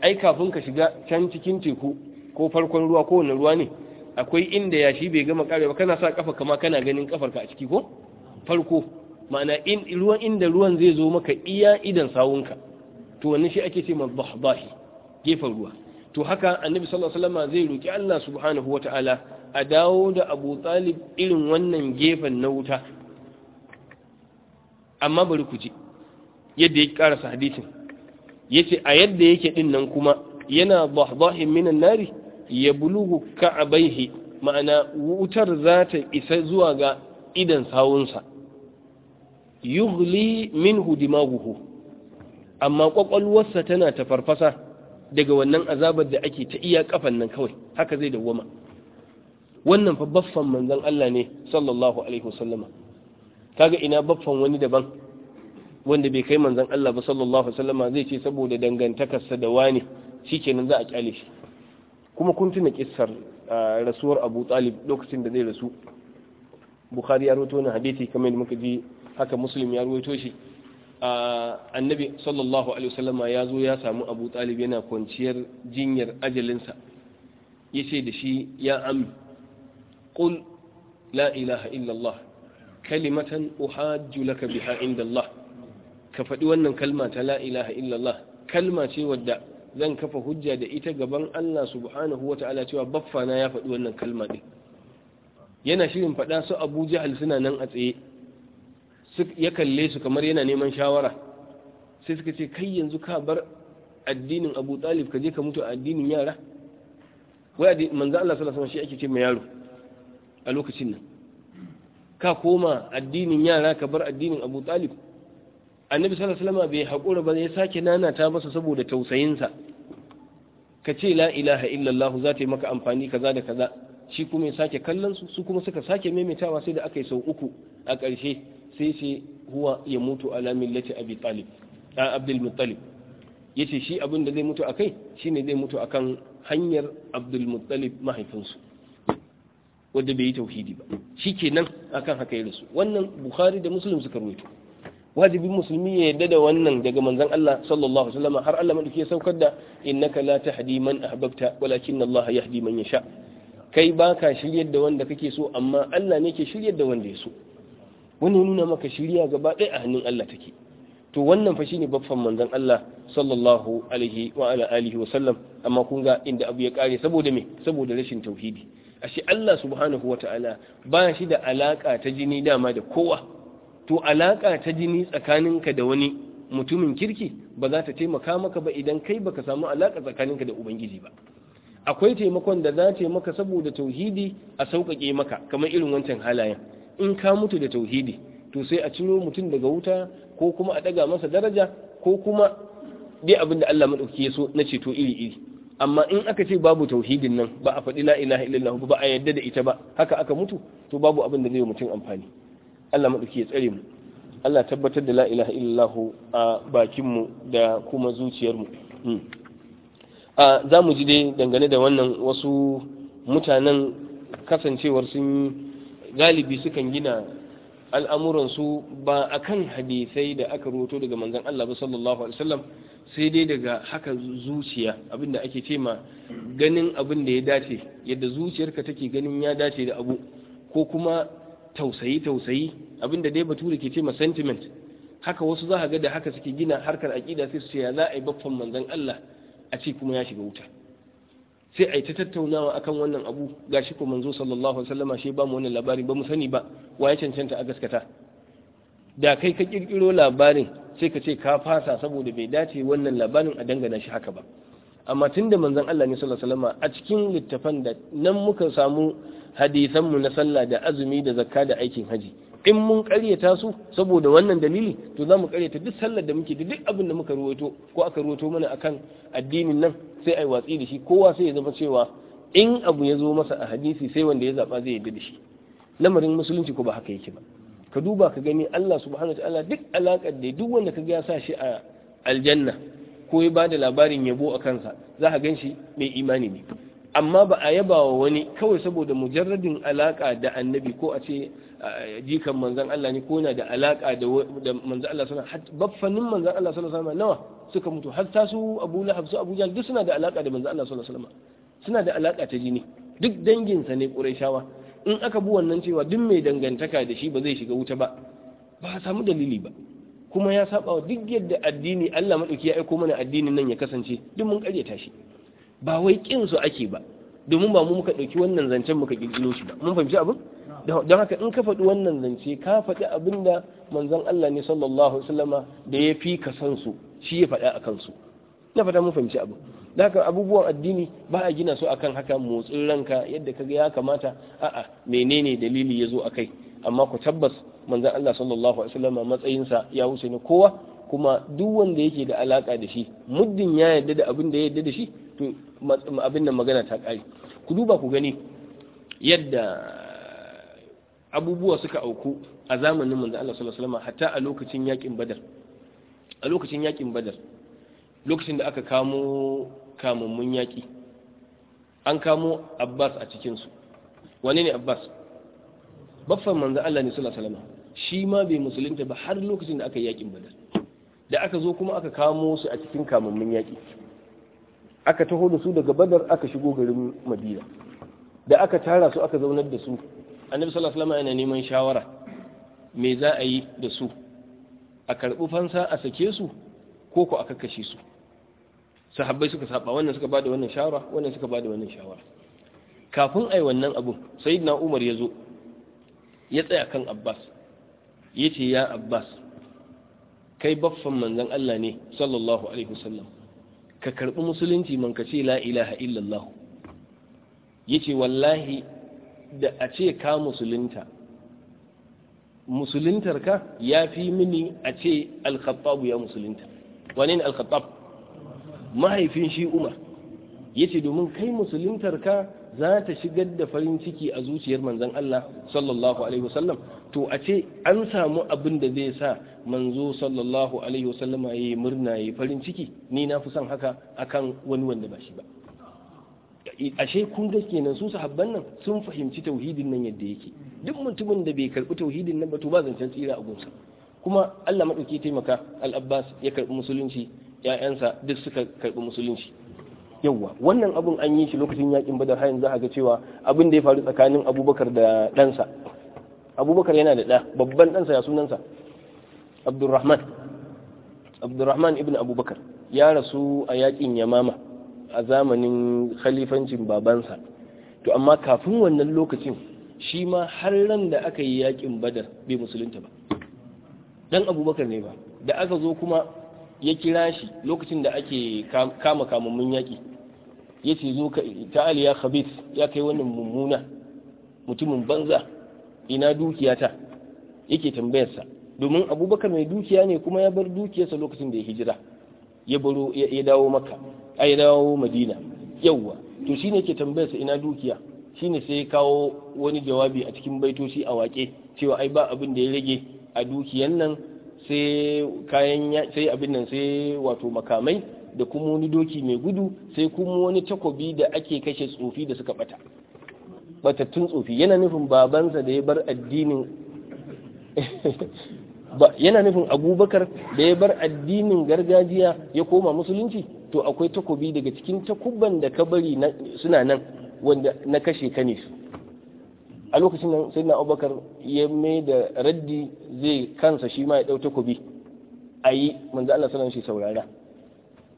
[SPEAKER 1] ai kafin ka shiga can cikin teku ko farkon ruwa ko wani ruwa ne akwai inda yashi bai gama ba kana sa kafa kama kana ganin kafar ka a ciki ko farko ma'ana in ruwan inda ruwan zai zo maka iya idan sawunka to wannan shi ake ce ma mazbahbahi gefen ruwa to haka annabi sallallahu alaihi wasallam zai roki Allah subhanahu wataala a dawo da Abu Talib irin wannan gefen na wuta amma bari ku ji yadda ya karasa hadisin yace a yadda yake din nan kuma yana dahdahin minan nari ya bulugu ka'abaihi ma'ana wutar za ta isa zuwa ga idan sawunsa yughli minhu dimaguhu amma kwakwalwarsa tana ta farfasa daga wannan azabar da ake ta iya kafan nan kawai haka zai dawwama wannan fa baffan manzon Allah ne sallallahu alaihi wasallama kaga ina baffan wani daban wanda bai kai manzon Allah ba sallallahu alaihi zai ce saboda dangantakarsa da wani shikenan za a kyale shi kuma kun tuna kissar rasuwar Abu Talib lokacin da zai rasu Bukhari ya rawaito na hadisi kamar da muka ji haka Muslim ya rawaito shi annabi sallallahu alaihi wasallama ya zo ya samu Abu Talib yana kwanciyar jinyar ajalinsa yace da shi ya am qul la ilaha illa Allah kalimatan uhajju laka biha inda Allah ka faɗi wannan kalma ta la ilaha illallah kalma ce wadda zan kafa hujja da ita gaban Allah subhanahu wa ta'ala cewa baffa na ya faɗi wannan kalma ɗin yana shirin faɗa su abu jahal suna nan a tsaye ya kalle su kamar yana neman shawara sai suka ce kai yanzu ka bar addinin abu talib ka je ka mutu a addinin yara wai manzo Allah sallallahu alaihi wasallam shi ake ce mai yaro a lokacin nan ka koma addinin yara ka bar addinin abu talib annabi sallallahu alaihi wasallam bai haƙura ba ya sake nana ta masa saboda tausayinsa ka ce la ilaha illallah za ta yi maka amfani kaza da kaza shi kuma ya sake kallon su su kuma suka sake maimaitawa sai da aka yi sau uku a ƙarshe sai ce huwa ya mutu ala millati abi talib a abdul muttalib yace shi abin da zai mutu akai shine zai mutu akan hanyar abdul muttalib mahaifinsu wanda bai yi tauhidi ba Shi shikenan akan haka ya rasu wannan bukhari da muslim suka ruwaito wajibin musulmi ya yadda da wannan daga manzon Allah sallallahu alaihi wasallam har Allah madauki ya saukar da innaka la tahdi man ahbabta walakin Allah yahdi man yasha kai baka shiryar da wanda kake so amma Allah ne ke shiryar da wanda ya so wannan nuna maka shirya gaba ɗaya a hannun Allah take to wannan fa shine babban manzon Allah sallallahu alaihi wa ala alihi wa amma kun ga inda abu ya kare saboda me saboda rashin tauhidi ashe Allah subhanahu wataala ba shi da alaka ta jini dama da kowa to alaka ta jini tsakaninka da wani mutumin kirki ba za ta taimaka maka ba idan kai baka samu alaka tsakaninka da ubangiji ba akwai taimakon da za ta maka saboda tauhidi a sauƙaƙe maka kamar irin wancan halayen in ka mutu da tauhidi to sai a ciro mutum daga wuta ko kuma a ɗaga masa daraja ko kuma dai abin da Allah maɗauki ya so na ceto iri-iri amma in aka ce babu tauhidin nan ba a faɗi la ilaha illallah ba a yadda da ita ba haka aka mutu to babu abin da zai mutum amfani Allah maɗauki ya tsare mu Allah tabbatar da la ilaha illallah a bakinmu da kuma zuciyarmu hmm. a za mu ji dai dangane da wannan wasu mutanen kasancewar sun galibi sukan gina al'amuransu ba a kan hadisai da aka roto daga manzan Allah ba sallallahu alaihi wasallam sai dai daga haka zuciya abinda ake ce ma ganin abinda ya dace yadda zuciyarka take ganin ya dace da abu ko kuma tausayi tausayi abinda dai bature ke ce ma sentiment haka wasu za ga da haka suke gina harkar aƙida sai su ce ya za a yi baffan manzon Allah a ce kuma ya shiga wuta sai a yi ta tattaunawa akan wannan abu gashi ko manzo sallallahu alaihi wasallama shi ba mu wannan labari ba mu sani ba wa ya cancanta a gaskata da kai ka kirkiro labarin sai ka ce ka fasa saboda bai dace wannan labarin a dangana shi haka ba amma tunda manzon Allah ne sallallahu alaihi wasallam a cikin littafan da nan muka samu hadisan mu na sallah da azumi da zakka da aikin haji in mun karyata su saboda wannan dalili to za mu karyata duk sallar da muke da duk abin da muka ruwaito ko aka ruwaito mana akan addinin nan sai ai watsi da shi kowa sai ya zama cewa in abu ya zo masa a hadisi sai wanda ya zaba zai yarda da shi lamarin musulunci ko ba haka yake ba ka duba ka gani Allah subhanahu wa ta'ala duk alakar da duk wanda ka ga ya sa shi a aljanna ko ya bada labarin yabo a kansa za ka ganshi mai imani ne amma ba a yaba wa wani kawai saboda mujarradin alaka da annabi ko a ce jikan manzan Allah ne ko na da alaka da manzan Allah suna baffanin manzan Allah sallallahu alaihi wasallam nawa suka mutu har ta su Abu Lahab su Abu Jahl duk suna da alaka da manzan Allah sallallahu alaihi wasallam suna da alaka ta jini duk dangin sa ne Qurayshawa in aka bi wannan cewa duk mai dangantaka da shi ba zai shiga wuta ba ba a samu dalili ba kuma ya saba wa duk yadda addini Allah madauki ya aiko mana addinin nan ya kasance duk mun karyata shi ba wai kin su ake ba domin ba mu muka dauki wannan zancen muka kirkiro shi ba mun fahimci abin don haka in ka faɗi wannan zance ka faɗi abin da manzon Allah ne sallallahu alaihi wasallama da ya fi ka san su shi ya faɗa akan su na fata mun fahimci abin da haka abubuwan addini ba a gina su akan haka motsin ranka yadda kaga ya kamata a'a menene dalili ya zo akai amma ku tabbas manzan Allah sallallahu alaihi wasallama matsayinsa ya wuce ne kowa kuma duk wanda yake da alaka da shi muddin ya yarda da abin da ya yarda da shi to abin nan magana ta kare ku duba ku gani yadda abubuwa suka auku a zamanin manzan Allah sallallahu alaihi wasallama hatta a lokacin yakin Badar a lokacin yakin Badar lokacin da aka kamo kamammun yaki an kamo Abbas a cikinsu wane ne Abbas baffan manzan Allah ne sallallahu alaihi wasallam shi ma bai musulunta ba har lokacin da aka yakin badar da aka zo kuma aka kamo su a cikin kamammin yaƙi aka taho da su daga badar aka shigo garin madina da aka tara su aka zaunar da su annabi sallallahu alaihi wasallam yana neman shawara me za a yi da su a karɓi fansa a sake su ko ko aka kashe su sahabbai suka saba wannan suka bada wannan shawara wannan suka bada wannan shawara kafin ai wannan abu sayyidina umar ya zo ya tsaya kan abbas ya ce ya abbas kai baffan manzan Allah ne sallallahu alaihi wasallam ka karɓi musulunci man ka ce la ilaha illallah ya ce wallahi da a ce ka musulunta musuluntarka ya fi mini a ce alkhattabu ya musulunta wane ne alkhattab mahaifin shi umar ya ce domin kai musuluntarka za ta shigar da farin ciki a zuciyar manzan Allah sallallahu alaihi wasallam to a ce an samu abin da zai sa manzo sallallahu alaihi wasallama ya yi murna ya farin ciki ni na fi son haka akan wani wanda ba shi ba ashe kun ga kenan su sahabban nan sun fahimci tauhidin nan yadda yake duk mutumin da bai karbi tauhidin nan ba to ba zancen tsira a gunsa kuma Allah madauki taimaka al-Abbas ya karbi musulunci ƴaƴansa duk suka karbi musulunci yawwa wannan abun an yi shi lokacin yakin badar har yanzu ga cewa abin da ya faru tsakanin Abubakar da ɗansa abubakar yana da ɗa babban ɗansa ya sunansa abdurrahman abdurrahman ibn abubakar ya rasu a yakin yamama a zamanin khalifancin babansa to amma kafin wannan lokacin shi ma har ran da aka yi yakin badar bai musulunta ba dan abubakar ne ba da aka zo kuma ya kira shi lokacin da ake kama kamammun yaƙi ya ce zo ka ta'ali ya khabith ya kai wannan mummuna mutumin banza ina dukiyata yake tambayarsa domin abubakar mai dukiya ne kuma ya bar dukiyarsa lokacin da ya hijira ya baro ya dawo maka a ya dawo madina yawwa to shine ke tambayarsa ina dukiya shine sai ya kawo wani jawabi a cikin baitoci a wake cewa ai ba abin da ya rage a dukiyan nan sai kayan sai abin nan sai wato makamai da kuma wani doki mai gudu sai kuma wani takobi da ake kashe tsofi da suka bata batattun tsofi yana nufin babansa da ya bar addinin yana nufin abubakar da ya bar addinin gargajiya ya koma musulunci to akwai takobi daga cikin takubban da ka bari suna nan wanda na kashe ka ne su a lokacin nan sai na abubakar ya mai da raddi zai kansa shi ma ya dau takobi a yi manzo Allah sallallahu shi saurara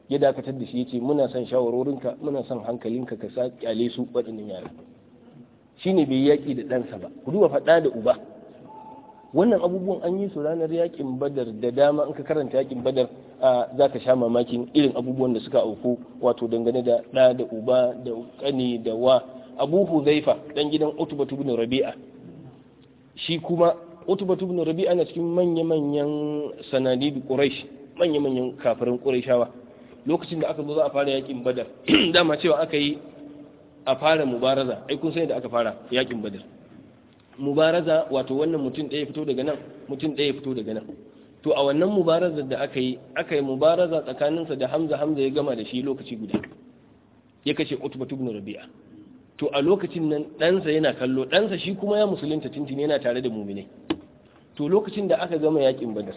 [SPEAKER 1] ya dakatar da shi ya ce, muna son shawarorinka muna son hankalinka ka sa kyale su waɗannan yara shine bai yaki da ɗansa ba ku duba faɗa da uba wannan abubuwan an yi su ranar yakin badar da dama an ka karanta yakin badar za ka sha mamakin irin abubuwan da suka auku wato dangane da ɗa da uba da ƙani da wa abu huzaifa ɗan gidan utubatu bin rabi'a shi kuma utubatu bin rabi'a na cikin manya-manyan sanadidu quraish manya-manyan kafirin qurayshawa lokacin da aka zo za a fara yakin badar (clears throat) dama cewa aka yi a fara mubaraza ai kun sani da aka fara yakin badar mubaraza wato wannan mutum ɗaya fito daga nan mutum ɗaya fito daga nan to a wannan mubarazar da aka yi aka yi mubaraza tsakaninsa da hamza hamza ya gama da shi lokaci guda ya kashe utbatu ibn rabi'a to a lokacin nan ɗansa yana kallo ɗansa shi kuma ya musulunta tintini yana tare da mumine to lokacin da aka gama yakin badar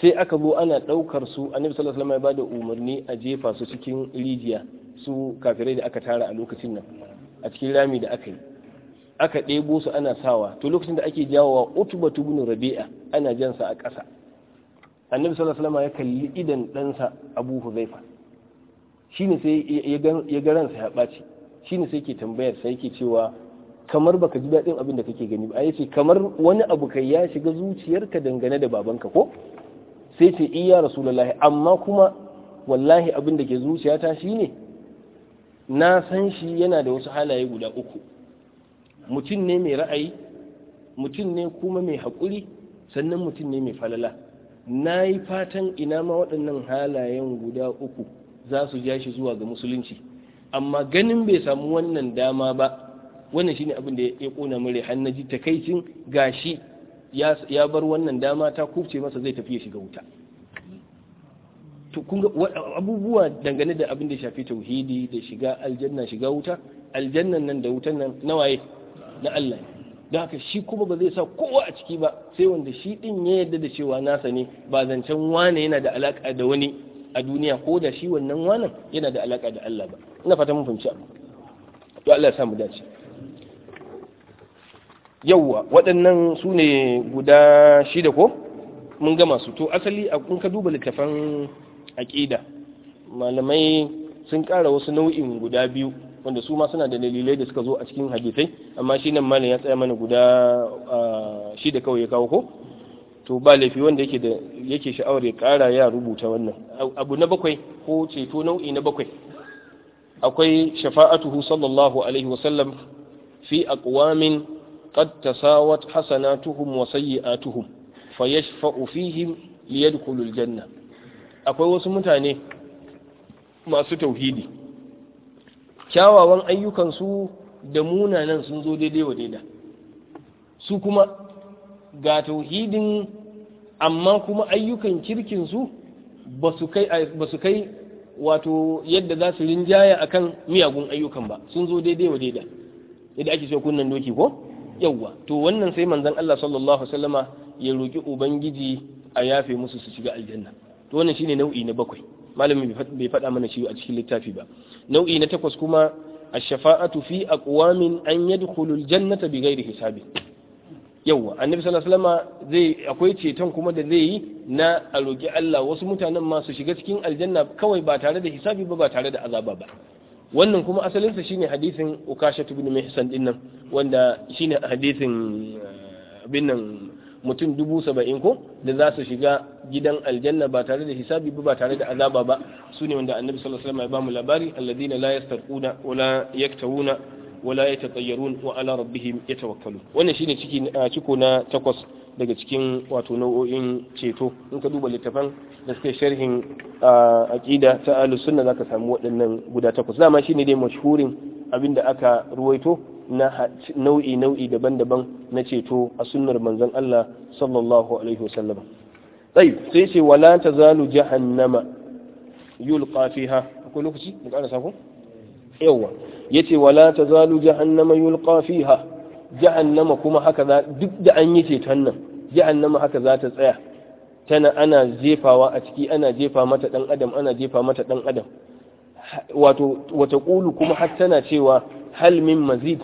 [SPEAKER 1] sai aka zo ana ɗaukar su annabi sallallahu alaihi wasallam ya bada umarni a jefa su cikin rijiya su kafirai da aka tara a lokacin nan a cikin rami da aka yi aka ɗebo su ana sawa to lokacin da ake jawowa utubatu ibn rabi'a ana jansa a ƙasa annabi sallallahu alaihi wasallam ya kalli idan ɗansa abu huzaifa shine sai ya ga ransa ya ɓaci shine sai ke tambayar sai yake cewa kamar baka ji daɗin abin da kake gani ba a ce kamar wani abu kai ya shiga zuciyarka dangane da babanka ko sai ce iya eh, rasulullahi amma kuma wallahi abin da ke zuciyata shine na san shi yana da wasu halaye guda uku mutum ne mai ra'ayi mutum ne kuma mai haƙuri sannan mutum ne mai falala na yi fatan ina ma waɗannan halayen guda uku za su ja shi zuwa ga musulunci amma ganin bai samu wannan dama ba wannan shine abin da ya ƙona mure hannaji na ji takaicin gashi ya bar wannan dama ta kufce masa zai tafi ya shiga wuta to kun abubuwa dangane da abin da shafi tauhidi da shiga aljanna shiga wuta aljannan nan da wutan nan nawaye na Allah da haka shi kuma ba zai sa kowa a ciki ba sai wanda shi din ya yarda da cewa nasa ne ba zancen wane yana da alaka da wani a duniya ko da shi wannan wanan yana da alaka da Allah ba ina fata mun fahimci abu to Allah ya sa mu dace yawwa waɗannan su ne guda shida ko mun gama su to asali a kun ka duba littafan aƙida malamai sun ƙara wasu nau'in guda biyu wanda su ma suna da dalilai da suka zo a cikin hadisai amma shi nan malam ya tsaya mana guda shi da kawai ya kawo ko to ba laifi wanda yake da yake sha'awar ya ƙara ya rubuta wannan abu na bakwai ko ceto nau'i na bakwai akwai shafa'atuhu sallallahu alaihi wa sallam fi aqwamin qad tasawat hasanatuhum wa sayyi'atuhum fayashfa'u fihim liyadkhulul janna akwai wasu mutane masu tauhidi kyawawan ayyukansu da munanan sun zo daidai wa daida su kuma ga tauhidin amma kuma ayyukan kirkinsu ba su kai wato yadda za su rinjaya akan miyagun ayyukan ba sun zo daidai wa daida yadda ake so kunnan doki ko yawwa to wannan sai manzon Allah sallallahu alaihi wasallama ya roki ubangiji a yafe musu su shiga aljanna to wannan shine nau'i na bakwai malamin bai faɗa mana shi a cikin littafi ba nau'i na takwas kuma ash-shafa'atu fi aqwamin an yadkhulu al-jannata bighairi hisabi yawa annabi sallallahu alaihi wasallam zai akwai ceton kuma da zai yi na a roki Allah wasu mutanen ma su shiga cikin aljanna kawai ba tare da hisabi ba ba tare da azaba ba wannan kuma asalinsa shine hadisin ukashatu ibn mihsan din nan wanda shine hadisin eh, abin mutum dubu saba'in ko da za su shiga gidan aljanna ba tare da hisabi ba ba tare da azaba ba su ne wanda annabi sallallahu alaihi wasallam ya bamu labari alladina la yastarquna wala yaktawuna wala yatatayyarun wa ala rabbihim yatawakkalu wannan shine ciki ciko na takwas daga cikin wato nau'o'in ceto in ka duba littafan da suke sharhin aqida ta ahlus sunna zaka samu waɗannan guda takwas dama shine dai mashhurin abinda aka ruwaito nau'i nau'i daban-daban na ceto a sunnar manzon Allah sallallahu alaihi wasallam tsayi sai ce wala tazalu jahannama yulqa fiha akwai lokaci mu ƙara sako yawa yace wala tazalu jahannama yulqa fiha jahannama kuma haka za duk da an yi ceton nan jahannama haka za ta tsaya tana ana jefawa a ciki ana jefa mata dan adam ana jefa mata dan adam wato wata kulu kuma har tana cewa hal min mazid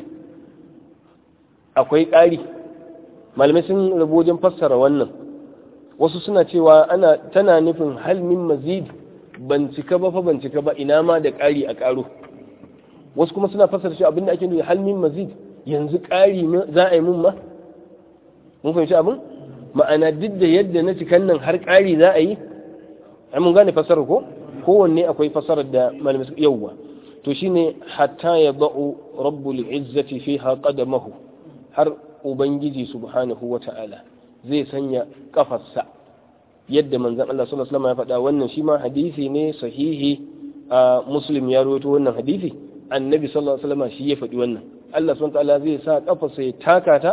[SPEAKER 1] akwai ƙari malamai sun rabu wajen fassara wannan wasu suna cewa ana tana nufin hal min mazid ban cika ba fa ban cika ba ina ma da ƙari a ƙaro wasu kuma suna fassara shi abinda ake nufi hal min mazid yanzu ƙari za a yi mun ma mun fahimci abin ma'ana duk da yadda na cikan nan har ƙari za a yi mun gane fassarar ko kowanne akwai fassarar da malamai yauwa to shine hatta ya ba'u rabbul izzati fiha qadamahu har ubangiji subhanahu wata'ala zai sanya kafarsa yadda manzon Allah sallallahu alaihi wasallam ya faɗa wannan shi ma hadisi ne sahihi a muslim ya rawaito wannan hadisi annabi sallallahu alaihi wasallam shi ya faɗi wannan Allah subhanahu zai sa kafarsa ya taka ta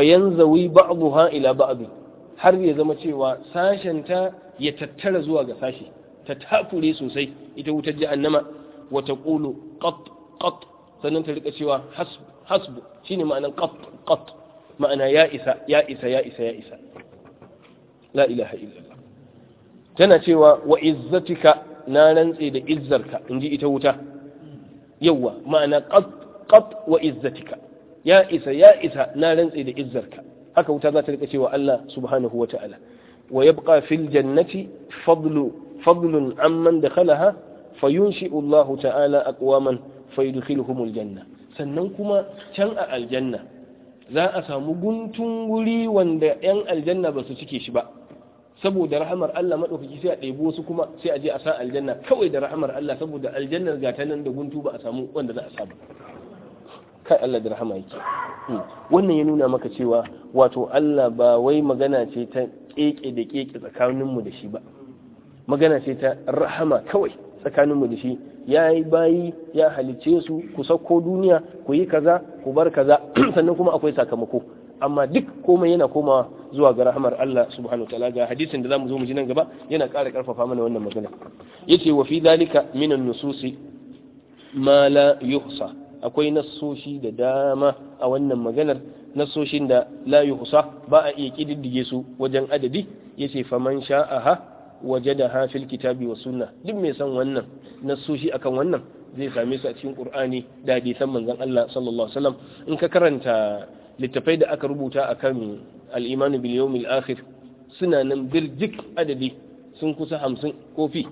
[SPEAKER 1] yanzawi ba'dha ila ba'd har ya zama cewa sashen ta ya tattara zuwa ga sashi ta takure sosai ita wutar jahannama Wata taqulu qat qat sannan ta rika cewa hasb hasb shine ma'anan qat qat ma'ana ya isa ya isa ya isa la ilaha illallah tana cewa wa izzatika na rantse da izzarka inji ita wuta yawa ma'ana qat qat ya isa ya isa na rantse da izzarka haka wuta za ta rika cewa Allah subhanahu wa ta'ala wa yabqa fil jannati fadlu fadlun amman dakhalaha fayunshi Allahu ta'ala aqwaman fayudkhiluhumul janna sannan kuma can a aljanna za a samu guntun wuri wanda yan aljanna ba su cike shi ba saboda rahamar Allah madaukaki sai a ɗebo su kuma sai a je a sa aljanna kawai da rahamar Allah saboda aljannar ga ta nan da guntu ba a samu wanda za a sa ba kai Allah da rahama yake hmm. wannan ya nuna maka cewa wato Allah ba wai magana ce ta keke da keke tsakaninmu da shi ba magana ce ta rahama kawai tsakaninmu da shi ya yi bayi ya halicce su ku sauko duniya ku yi kaza ku bar kaza (clears throat) sannan kuma akwai sakamako amma duk komai yana komawa zuwa ga rahamar Allah subhanahu wataala ga hadisin da zamu zo mu ji nan gaba yana ƙara ƙarfafa mana wannan magana yace wa fi dalika minan nususi ma la yuhsa akwai nasoshi da dama a wannan maganar nasoshin da la yuhsa ba a iya kididdige su wajen adadi yace faman sha'aha ha fil kitabi wa sunna duk mai san wannan nasoshi akan wannan zai same su a cikin qur'ani da hadisan manzon Allah sallallahu alaihi wasallam in ka karanta littafai da aka rubuta akan al-iman bil yawmil akhir suna nan birjik adadi sun kusa hamsin kofi fi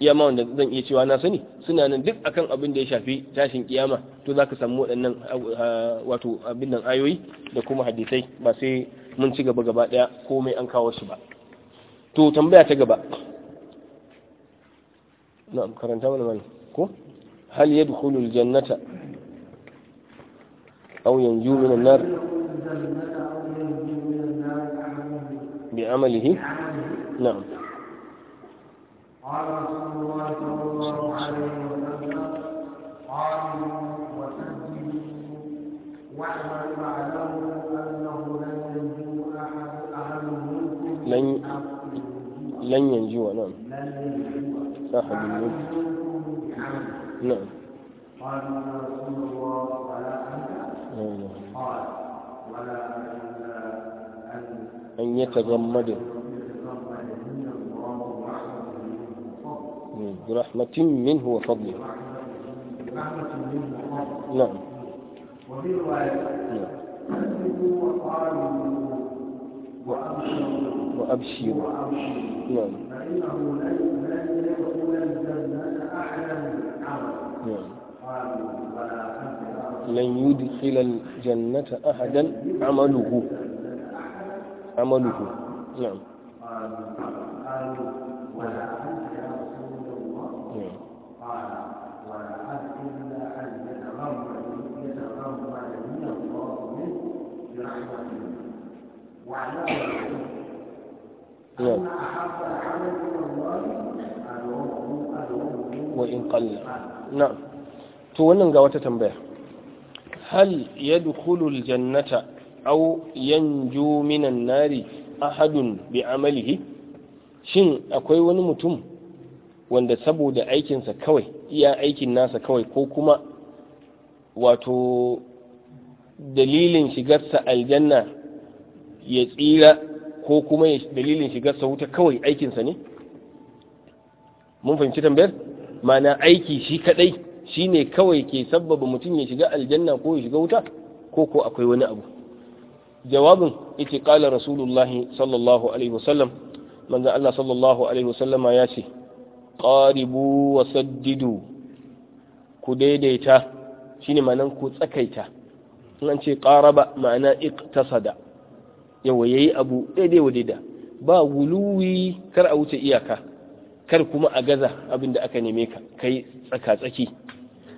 [SPEAKER 1] iya ma wanda zan iya cewa na sani suna nan duk akan abin da ya shafi tashin kiyama to zaka samu waɗannan ah, wato abin nan ayoyi da kuma hadisai ba sai mun ci gaba gaba daya komai an kawo su ba to tambaya ta gaba na'am karanta mana mana ko hal yadkhulu aljannata aw yanju min an-nar
[SPEAKER 2] bi amalihi na'am قال رسول الله صلى الله عليه وسلم قالوا وسجدوا واعملوا لن ينجو نعم صاحب الملك نعم قال رسول الله ولا أنت قال ولا أن
[SPEAKER 1] أن يتغمد برحمة منه وفضله برحمة منه وفضله
[SPEAKER 2] نعم وفي رواية نعم وقالوا وأبشروا وأبشر نعم فإنه لن يدخل الجنة أحدا نعم لن
[SPEAKER 1] يدخل الجنة أحدا عمله عمله نعم
[SPEAKER 2] وعلى نعم.
[SPEAKER 1] وإن wannan ga wata tambaya hal yadkhulul jannata aw yanju minan nari ahadun bi amalihi shin akwai wani mutum wanda saboda aikinsa kawai iya aikin nasa kawai ko kuma wato dalilin shigarsa aljanna ya tsira ko kuma dalilin shigarsa wuta kawai aikinsa ne mun fahimci tambayar mana aiki shi kadai shine kawai ke sabbaba mutum ya shiga aljanna ko ya shiga wuta ko ko akwai wani abu jawabin ita kala rasulullahi sallallahu alaihi wasallam manzo Allah sallallahu alaihi wasallam ya ce qaribu wa saddidu ku daidaita shine manan ku tsakaita in an ce qaraba ma'ana iqtasada yawa yi abu daidai wa daida ba wuluwi kar a wuce iyaka kar kuma a gaza abin da aka neme ka kai tsaka-tsaki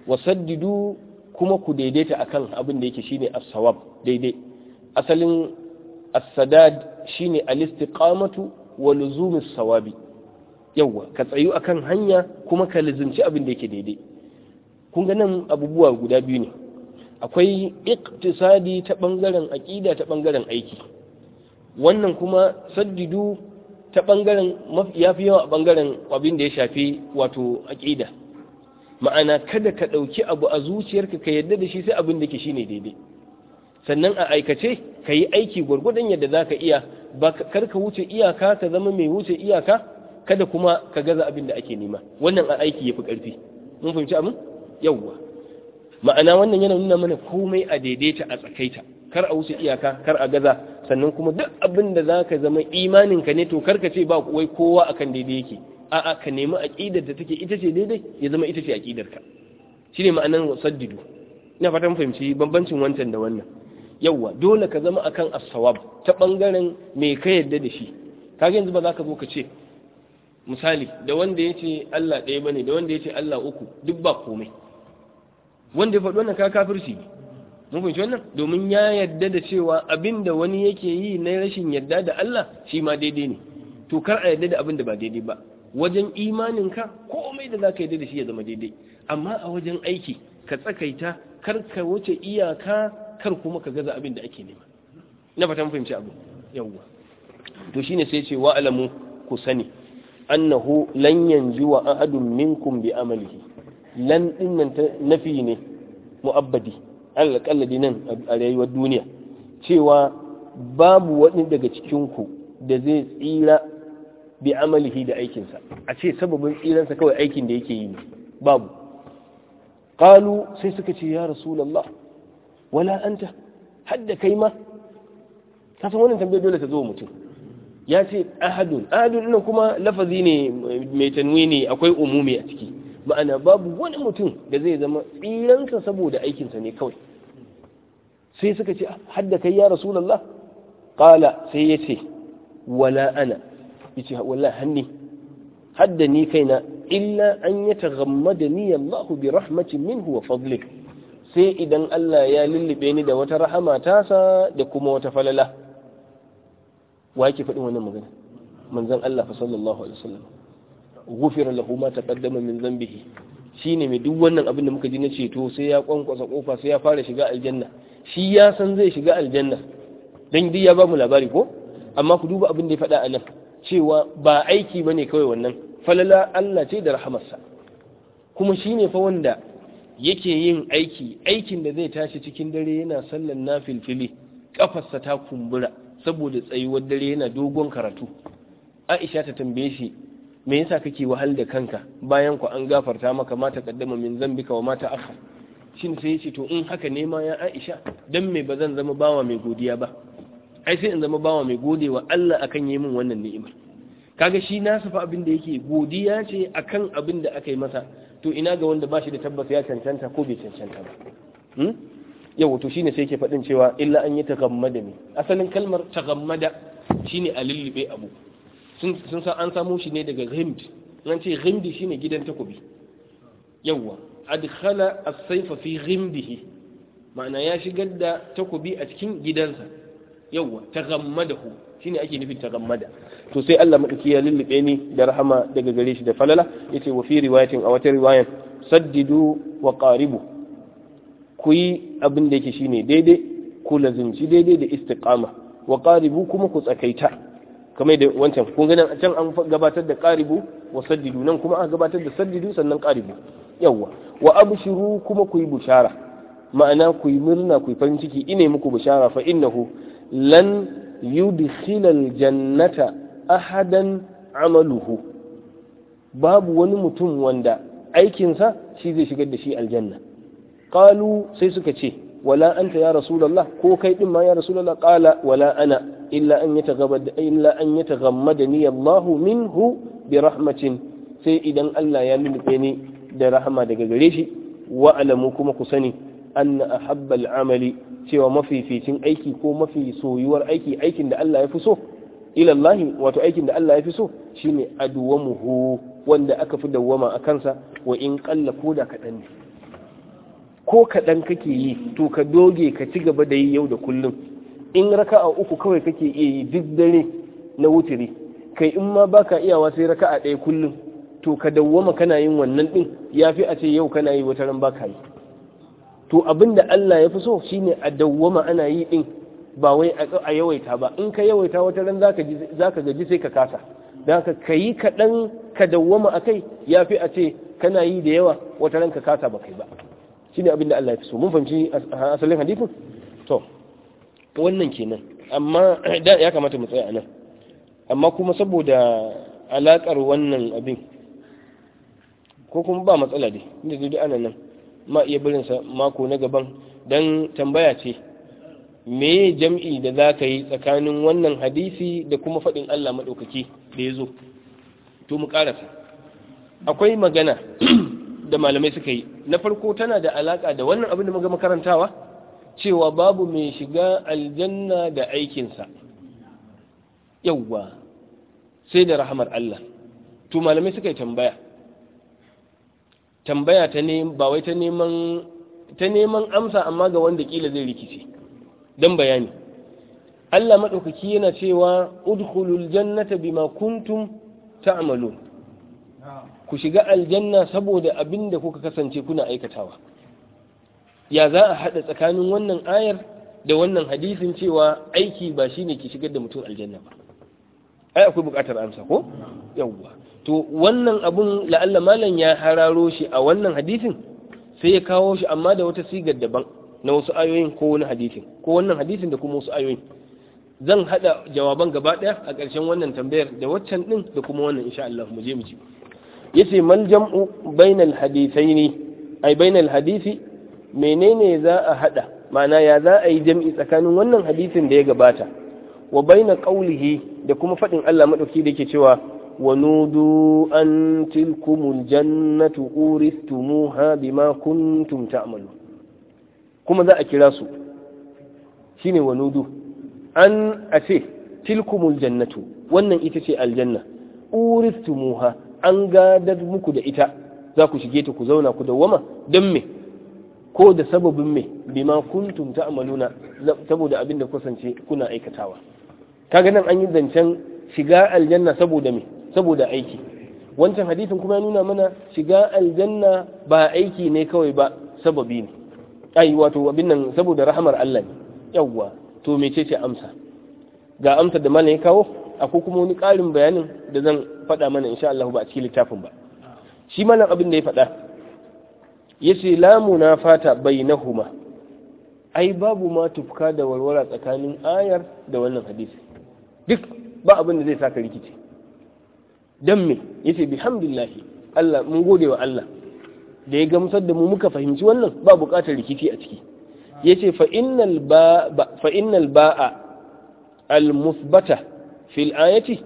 [SPEAKER 1] wasaddidu kuma ku daidaita akan abin da yake shine as-sawab daidai asalin as-sadad shine al-istiqamatu wa luzumus sawabi yawa ka tsayu akan hanya kuma ka lizinci abin da yake daidai kun ga nan abubuwa guda biyu ne akwai iqtisadi ta bangaren aƙida ta bangaren aiki wannan kuma saddidu ta bangaren ya fi yawa a bangaren abin da ya shafi wato aƙida ma'ana kada ka ɗauki abu a zuciyarka ka yadda da shi sai abin da ke shine daidai sannan a aikace ka yi aiki gwargwadon yadda za ka iya ba kar ka wuce iyaka ka zama mai wuce iyaka kada kuma ka gaza abin da ake nema wannan a aiki ya fi ƙarfi mun fahimci abin yawwa ma'ana wannan yana nuna mana komai a daidaita a tsakaita kar a wuce iyaka kar a gaza sannan kuma duk abin da zaka zama imanin ka ne to kar ka ce ba wai kowa akan daidai yake a'a ka nemi aqidar da take ita ce daidai ya zama ita ce aqidar ka shine ma'anar wasaddidu ina fatan fahimci bambancin wancan da wannan yawwa dole ka zama akan as-sawab ta bangaren me ka yadda da shi kaga yanzu ba za ka zo ka ce misali da wanda ya ce Allah ɗaya bane da wanda ya ce Allah uku duk ba komai wanda ya faɗi wannan ka kafirci ne mun fahimci wannan domin ya yadda da cewa abinda wani yake yi na rashin yadda da Allah shi ma daidai ne to kar a yadda da abinda ba daidai ba wajen imanin ka komai da zaka ka yadda da shi ya zama daidai amma a wajen aiki ka tsakaita kar ka wuce iyaka kar kuma ka gaza abinda ake nema na fata mun fahimci abu yawwa to shine sai ce wa alamu ku sani annahu lan wa ahadun minkum bi amalihi lan dinnan nafi ne mu'abbadi alƙalladi nan a rayuwar duniya cewa babu wani daga cikinku da zai tsira bi amalihi da aikinsa a ce sababin tsiransa kawai aikin da yake yi babu qalu sai suka ce ya rasulullah wala anta hadda kai ma ka san wannan tambayar dole ta zo mutum ya ce ahadun ahadun nan kuma lafazi ne mai tanwini akwai umumi a ciki ma'ana babu wani mutum da zai zama tsiransa saboda aikinsa ne kawai sai suka ce hadda kai ya rasulallah? ƙala sai yace wala ana ce wallahi hannu hadda ni kaina illa an ni yallahu bi rahmatin minhu wa fadlik sai idan Allah ya lullube ni da wata rahama tasa da kuma wata falala wa yake faɗin wannan magana manzon Allah fa sallallahu alaihi wasallam gufira lahu ma taqaddama min dhanbihi shine mai duk wannan abin da muka ji na ceto sai ya kwankwasa kofa sai ya fara shiga aljanna shi ya san zai shiga aljanna dan duk ya ba mu labari ko amma ku duba abin da ya faɗa a nan cewa ba aiki ba ne kawai wannan falala Allah ce da rahamarsa kuma shi ne fa wanda yake yin aiki aikin da zai tashi cikin dare yana sallan nafilfili kafarsa ta kumbura saboda tsayuwar dare yana dogon karatu Aisha ta tambaye shi me yasa kake wahal da kanka bayan ku an gafarta maka mata kaddama min zambika wa mata akhar shin sai ya to in haka nema ya Aisha dan me ba zan zama bawa mai godiya ba ai sai in zama bawa mai godewa Allah akan yi min wannan ni'imar kaga shi nasu fa abin da yake godiya ce akan abin da aka yi masa to ina ga wanda ba shi da tabbas ya cancanta ko bai cancanta ba hmm? yau to shine sai yake faɗin cewa illa an yi tagammada ne asalin kalmar tagammada shine a lullube abu sun san an samo shi ne daga ghimd an ce ghimdi shine gidan takobi yawwa adkhala as-sayfa fi ghimdihi ma'ana ya shigar da takobi a cikin gidansa yawa taghammadahu shine ake nufin taghammada to sai Allah madaki ya lullube ni da rahama daga gare shi da falala yace wa fi riwayatin a wata riwayan saddidu wa qaribu ku yi abin da yake shine daidai ku lazimci daidai da istiqama wa qaribu kuma ku tsakaita kamar da wancan kun ga can an gabatar da qaribu wa saddidu nan kuma an gabatar da saddidu sannan qaribu yawa wa abshiru kuma ku yi bushara ma'ana ku yi murna ku yi farin ciki ine muku bushara fa innahu lan yudkhilal jannata ahadan amaluhu babu wani mutum wanda aikinsa shi zai shigar da shi aljanna qalu sai suka ce wala anta ya rasulullah ko kai din ma ya rasulullah qala wala ana illa an yataghammad illa an yataghammadani Allah minhu bi rahmatin sai idan Allah ya lulube ni da rahama daga gare shi wa alamu kuma ku sani anna ahabbal amali cewa mafificin aiki ko mafi soyuwar aiki aikin da Allah ya fi so ilallahi wato aikin da Allah ya fi so shine adwamuhu wanda aka fi dawwama a kansa wa in qalla ko da kadan ne ko kadan kake yi to ka doge ka ci gaba da yi yau da kullum in raka'a uku kawai kake iya yi duk dare na wutiri kai in ma baka iyawa sai raka'a ɗaya kullum to ka dawwama kana yin wannan din yafi a ce yau kana yi wata ran baka yi to abinda Allah ya fi so shine a dawwama ana yi din ba wai a yawaita ba in ka yawaita wata ran zaka gaji sai ka kasa ka kai ka yi kaɗan ka dawwama akai kai ya fi a ce kana yi da yawa wata ran ka kasa ba kai ba shi ne abinda Allah ya fi so mun fahimci asalin hadifin to wannan kenan amma ya kamata mu tsaya anan, nan amma kuma saboda alakar wannan abin ko kuma ba matsala dai inda dai ana nan ma iya birinsa mako na gaban Dan tambaya ce me jam'i da za ka yi tsakanin wannan hadisi da kuma faɗin Allah maɗaukaki da ya zo to mu ƙarasa akwai magana (clears throat) da malamai suka yi na farko tana da alaƙa da wannan abin da muka makarantawa cewa babu mai shiga aljanna da aikinsa yauwa sai da rahamar Allah to malamai suka yi tambaya tambaya ta ne ba wai ta neman amsa amma ga wanda kila zai rikice dan bayani Allah madaukaki yana cewa udkhulul jannata bima kuntum ta'malun ku shiga aljanna saboda abin da kuka kasance kuna aikatawa ya za a haɗa tsakanin wannan ayar da wannan hadisin cewa aiki ba shine ki shigar da mutum aljanna ba ai akwai buƙatar amsa ko yawwa to wannan abun la'alla malam ya hararo shi a wannan hadisin sai ya kawo shi amma da wata sigar daban na wasu ayoyin ko wani hadisin ko wannan hadisin da kuma wasu ayoyin zan hada jawaban gaba daya a ƙarshen wannan tambayar da waccan din da kuma wannan insha Allah mu je mu ci yace mal jam'u bainal hadithaini ai bainal hadisi menene za a hada ma'ana ya za a yi jam'i tsakanin wannan hadisin da ya gabata wa baina qawlihi da kuma fadin Allah madauki da yake cewa ونودوا أن تلكم الجنة أورثتموها بما كنتم تعملون كما ذا أكلاسو شين ونودوا أن أتي تلكم الجنة وأن إتسي الجنة أورثتموها أن قادت مكد إتا ذاك شجيتك كزونا كدوما دمه ko da sababin me bima kuntum ta'maluna saboda abin da kusance kuna aikatawa kaga nan an yi zancen shiga aljanna saboda me saboda aiki wancan hadisin kuma ya nuna mana shiga aljanna ba aiki ne kawai ba sababi ne ai wato abin nan saboda rahamar Allah ne yawwa to ce amsa ga amsa da mana ya kawo akwai kuma wani ƙarin bayanin da zan faɗa mana insha Allah ba a cikin littafin ba shi malam abin da ya faɗa yace la munafata bainahuma ai babu ma tufka da walwala tsakanin ayar da wannan hadisi duk ba abin da zai saka rikici dan me yace bihamdillah Allah mun gode wa Allah da ya gamsar da mu muka fahimci wannan ba buƙatar rikici a ciki Ya ce ba fa innal ba'a al musbata fil ayati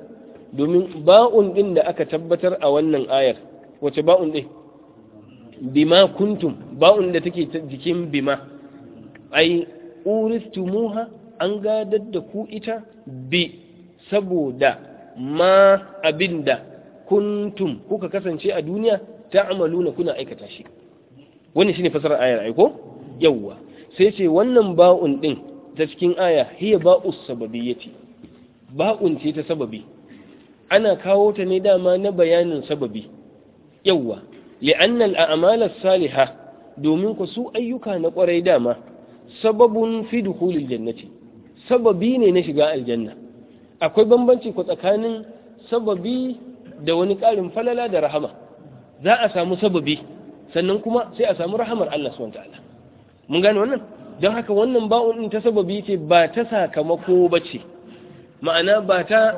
[SPEAKER 1] domin ba'un din da aka tabbatar a wannan ayar wace ba'un din bima kuntum ba'un da take jikin bima ai uristumuha an gadar da ku ita bi saboda ma abinda kuntum kuka kasance a duniya ta amalu na kuna aikata shi shi shine fasarar ayar aiko yawwa sai ce wannan ba'un ɗin ta cikin aya hiya ba'us ce. ba'un ce ta sababi ana kawo ta ne dama na bayanin sababi yawwa li'annal a amalar Saliha domin ku su ayyuka na kwarai dama sababun fi dukhulil jannati sababi ne na shiga aljanna akwai bambanci ku tsakanin sababi da wani ƙarin falala da rahama za a samu sababi sannan kuma sai a samu rahamar Allah subhanahu ta'ala mun gane wannan don haka wannan ba'un ɗin ta sababi ce ba ta sakamako bace ma'ana ba ta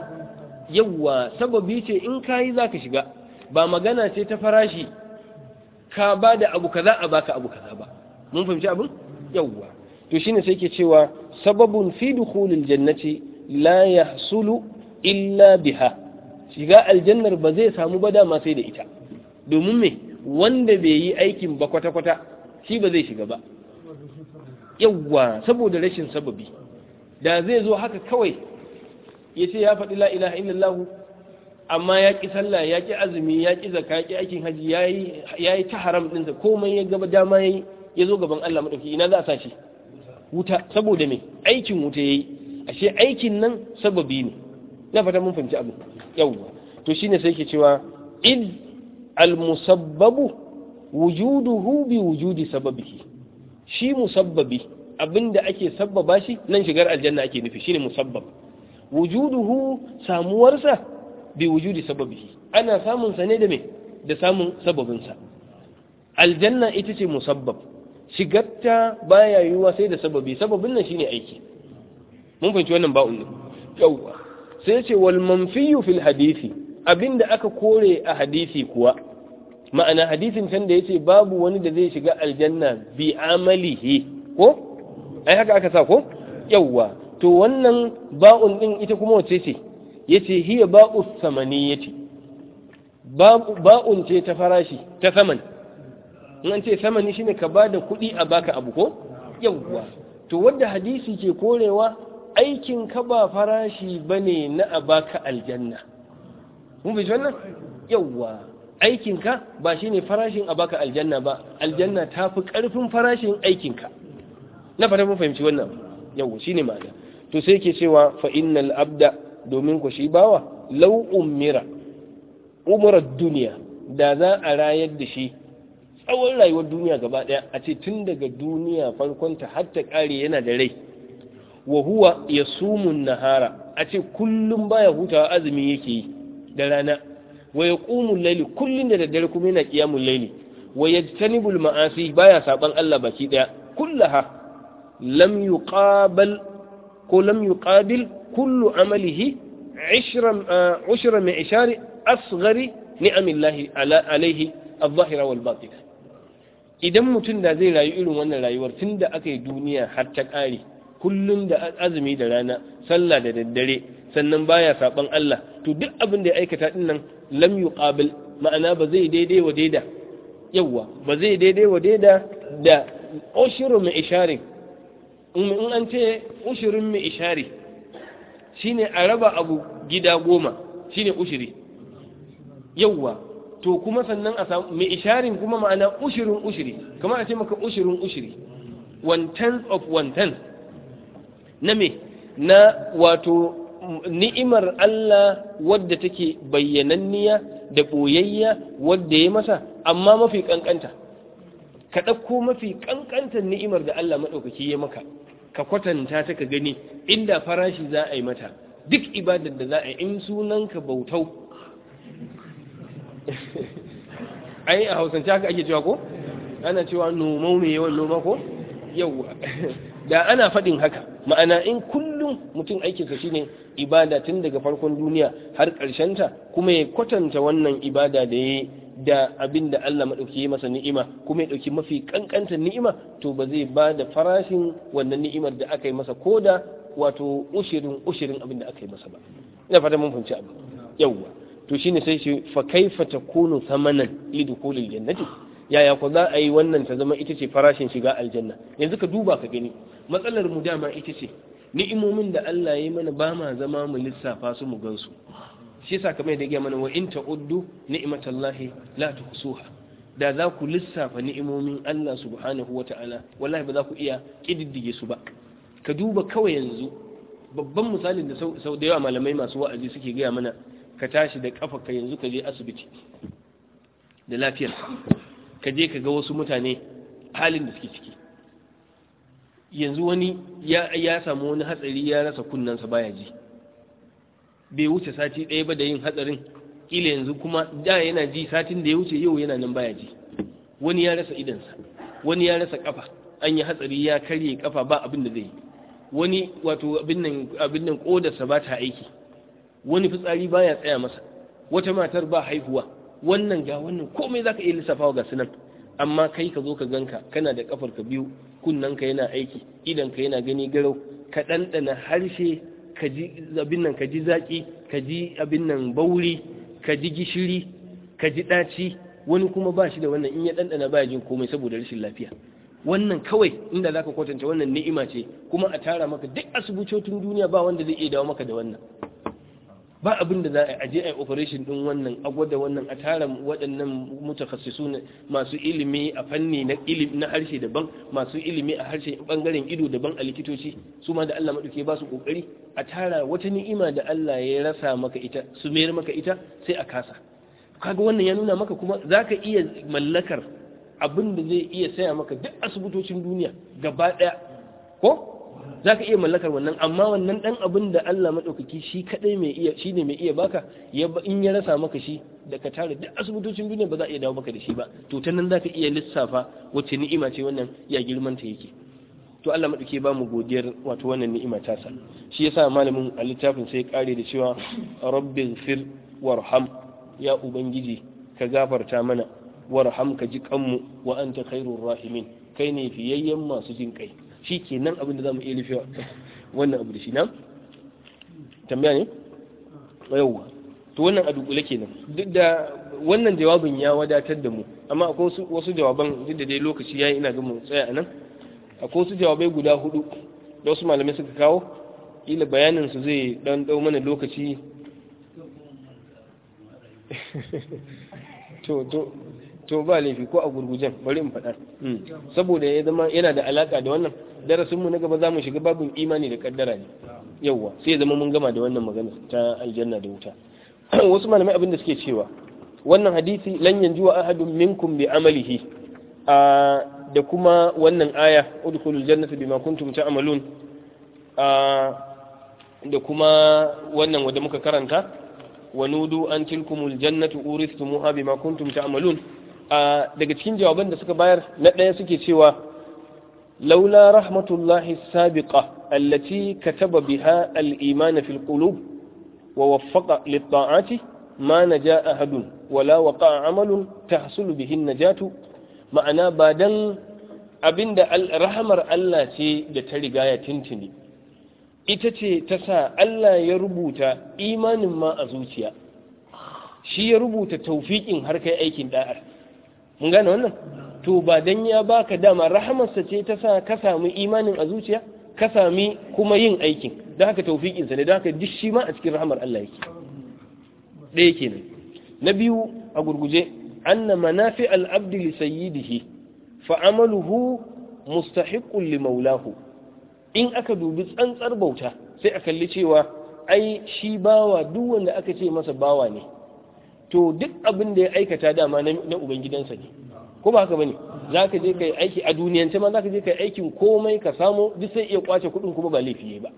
[SPEAKER 1] yawwa sababi ce in za ka shiga ba magana ce ta farashi ka ba da abu kaza a baka abu kaza ba mun fahimci abin yawwa to shine sai ke cewa sababun fi dukhulil jannati la yahsulu illa biha shiga aljannar ba zai samu ba dama sai da ita domin me wanda bai yi aikin ba kwata-kwata shi ba zai shiga ba yawwa saboda rashin sababi da zai zo haka kawai ya ce ya faɗi la ilaha illallah amma ya ƙi sallah ya ki azumi ya ƙi zakka ya ƙi aikin haji ya yi ta haram ɗinsa komai ya gaba dama ya yi ya zo gaban Allah maɗauki ina za a sa shi wuta saboda me aikin wuta ya yi ashe aikin nan sababi ne na fata mun fahimci abu yawwa to shine sai yake cewa id al musabbabu wujuduhu bi wujudi sababihi shi musabbabi abinda ake sabbaba shi nan shigar aljanna ake nufi shine musabbab wujuduhu samuwarsa bi wujudi sababihi ana samun sa ne da me da samun sababin sa aljanna ita ce musabbab shigarta baya yiwuwa sai da sababi sababin nan shine aiki mun fahimci wannan ba'un ne yawwa sai ce wal manfiyu fil hadisi abinda aka kore a hadisi kuwa ma'ana hadisin can da yace babu wani da zai shiga aljanna bi amalihi ko ai haka aka sa ko yawwa to wannan ba'un din ita kuma wace ce yace hiya ba'u samaniyati ba'un ce ta farashi ta saman in an ce samani shine ka bada kuɗi a baka abu ko yawwa to wanda hadisi ke korewa aikin ka ba farashi ba ne na a baka aljanna mun bi wannan yauwa aikin ka ba ne farashin a baka aljanna ba aljanna ta fi ƙarfin farashin aikin ka na fata mun fahimci wannan shi ne ma'ana to sai ke cewa fa abda domin ku shi bawa lau umira Umarar duniya da za a rayar da shi tsawon rayuwar duniya gaba ɗaya a ce tun daga duniya farkonta har ta kare yana da rai wa huwa yasumun nahara a ce kullum baya hutawa azumi yake yi da rana wa yaqumul layli kullun da daddare kuma yana qiyamul layli wa yajtanibul ma'asi baya saban Allah baki ɗaya? kullaha lam yuqabal ko lam yuqabil kullu amalihi 10 10 mi'shar asghari ni'amillahi ala alaihi adh-dhahira wal batina idan mutum da zai rayu irin wannan rayuwar tun da aka yi duniya har ta ƙare kullum da azumi da rana sallah da daddare sannan baya saban Allah to duk abin da ya aikata din nan lam yuqabil ma'ana ba zai daidai wa daida yawa ba zai daidai wa daida da ushurun mai ishari in an ce ushurun mai ishari shine a raba abu gida goma shine ushuri yawa to kuma sannan a samu mai isharin kuma ma'ana ushirin ushiri kamar a ce maka ushirin ushiri one tenth of one tenth na me na wato ni'imar Allah wadda take bayyananniya da ɓoyayya wadda ya masa amma mafi ƙanƙanta ka ɗauko mafi ƙanƙantar ni'imar da Allah maɗaukaki ya maka ka kwatanta ta ka gani inda farashi za a yi mata duk ibadar da za a yi in sunanka bautau (laughs) ai a hausance haka ake cewa ko ana cewa nomau mai yawan noma ko (laughs) da ana faɗin haka ma'ana in kullum mutum aikinsa shine ibada tun daga farkon duniya har ta kuma ya kwatanta wannan ibada da ya da abin da Allah maɗauki ya masa ni'ima kuma ya ɗauki mafi ƙanƙantar ni'ima to ba zai ba da farashin wannan ni'imar da aka yi masa ko da wato ushirin ushirin abin da aka yi masa ba ina fata mun fahimci abu yawwa to shine sai shi fa kaifa takunu thamanan lidukulil jannati yaya ku za a yi wannan ta zama ita ce farashin shiga aljanna yanzu ka duba ka gani matsalar mu dama ita ce ni'imomin da Allah ya yi mana ba ma zama mu lissafa su mu gansu shi yasa kamar da ya mana wa in ta'uddu ni'matallahi la tuhsuha da za ku lissafa ni'imomin Allah subhanahu wata'ala wallahi ba za ku iya kididdige su ba ka duba kawai yanzu babban misalin da sau da yawa malamai masu wa'azi suke gaya mana ka tashi da kafa ka yanzu ka je asibiti da lafiyar. ka je ka ga wasu mutane halin da suke ciki yanzu wani ya samu wani hatsari ya rasa kunnensa baya ji bai wuce sati ɗaya ba da yin hatsarin kila yanzu kuma da yana ji satin da ya wuce yau yana nan baya ji wani ya rasa idansa wani ya rasa kafa an yi hatsari ya karye kafa ba abin da zai yi wani wato abin nan kodarsa ba ta aiki wani fitsari baya tsaya masa wata matar ba haihuwa wannan ga wannan komai zaka iya lissafawa ga sunan amma kai ka zo ka ganka kana da kafar ka biyu kunnanka yana aiki idan ka yana gani garau ka ɗanɗana harshe ka ji abin nan ka ji zaki, ka ji abin nan bauri ka ji gishiri ka ji ɗaci wani kuma ba shi da wannan in ya ɗanɗana ba jin komai saboda rashin lafiya wannan kawai inda zaka kwatanta wannan ni'ima ce kuma a tara maka duk asubucotun duniya ba wanda zai iya dawo maka da wannan ba abin da za a aje a operation din wannan a gwada wannan a tara waɗannan mutakassisu masu ilimi a fanni na ilimi na harshe daban masu ilimi a harshe bangaren ido daban a likitoci su ma da Allah maduke ba su kokari a tara wata ni'ima da Allah ya rasa maka ita su mayar maka ita sai a kasa kaga wannan ya nuna maka kuma zaka iya mallakar abin da zai iya saya maka duk asibitocin duniya gaba ɗaya, ko za ka iya mallakar wannan amma wannan dan abin da Allah maɗaukaki shi kaɗai mai iya shi ne mai iya baka ya in ya rasa maka shi da ka tara duk asibitocin duniya ba za a iya dawo maka da shi ba to ta nan za ka iya lissafa wacce ni'ima ce wannan ya girman ta yake to Allah maɗauki ba mu godiyar wato wannan ni'ima ta sa shi yasa malamin a littafin sai kare da cewa rabbil fir warham ya ubangiji ka gafarta mana warham ka ji kanmu wa anta khairur rahimin kai ne fiyayyen masu jin kai shi ke nan abin da za mu iya rufe wannan abu da shi nan tambaya ne yauwa to wannan a dukule kenan duk da wannan jawabin ya wadatar da mu amma akwai wasu jawaban duk da dai lokaci yayi ina gama tsaya tsaya anan akwai wasu jawabai guda hudu da wasu malamai suka kawo ila bayanin su zai dan dau mana lokaci (laughs) to to to ba laifi ko a gurgujen bari in faɗa hmm. saboda ya zama yana da alaka da wannan darasin mu na gaba za mu shiga babin imani da kaddara ne yawa sai zama mun gama da wannan magana ta aljanna da wuta (clears throat) wasu malamai abin da suke cewa wannan hadisi lan wa ahadun minkum bi amalihi da kuma wannan aya udkhulul jannata bima kuntum ta'malun da kuma wannan wanda muka karanta wa nudu an tilkumul jannatu uristumuha bima kuntum ta'malun daga cikin jawaban da suka bayar na ɗaya suke cewa laula rahmatullahi sabiqa allati kataba biha al-iman fi al-qulub wa waffaqa lit-ta'ati ma naja ahadun wala waqa'a amalun tahsulu bihi an-najatu ma'ana ba dan abinda rahmar Allah ce da ta riga ya tintini ita ce ta sa Allah ya rubuta imanin ma a zuciya shi ya rubuta taufiƙin har kai aikin da'ar mun gane wannan to ba dan ya baka dama rahamarsa ce ta sa ka samu imanin a zuciya ka sami kuma yin aikin don haka taufiƙinsa ne don haka duk shi ma a cikin rahamar Allah yake ɗaya ne na biyu a gurguje anna manafi al'abdi li sayyidihi fa amaluhu mustahiqqun li maulahu in aka dubi tsantsar bauta sai a kalli cewa ai shi bawa duk wanda aka ce masa bawa ne to duk abin da ya aikata dama na ubangidansa ne ko ba haka bane za ka je ka aiki a duniyance ma za ka je ka yi aikin komai ka samu duk sai iya kwace kuɗin kuma ba laifi ba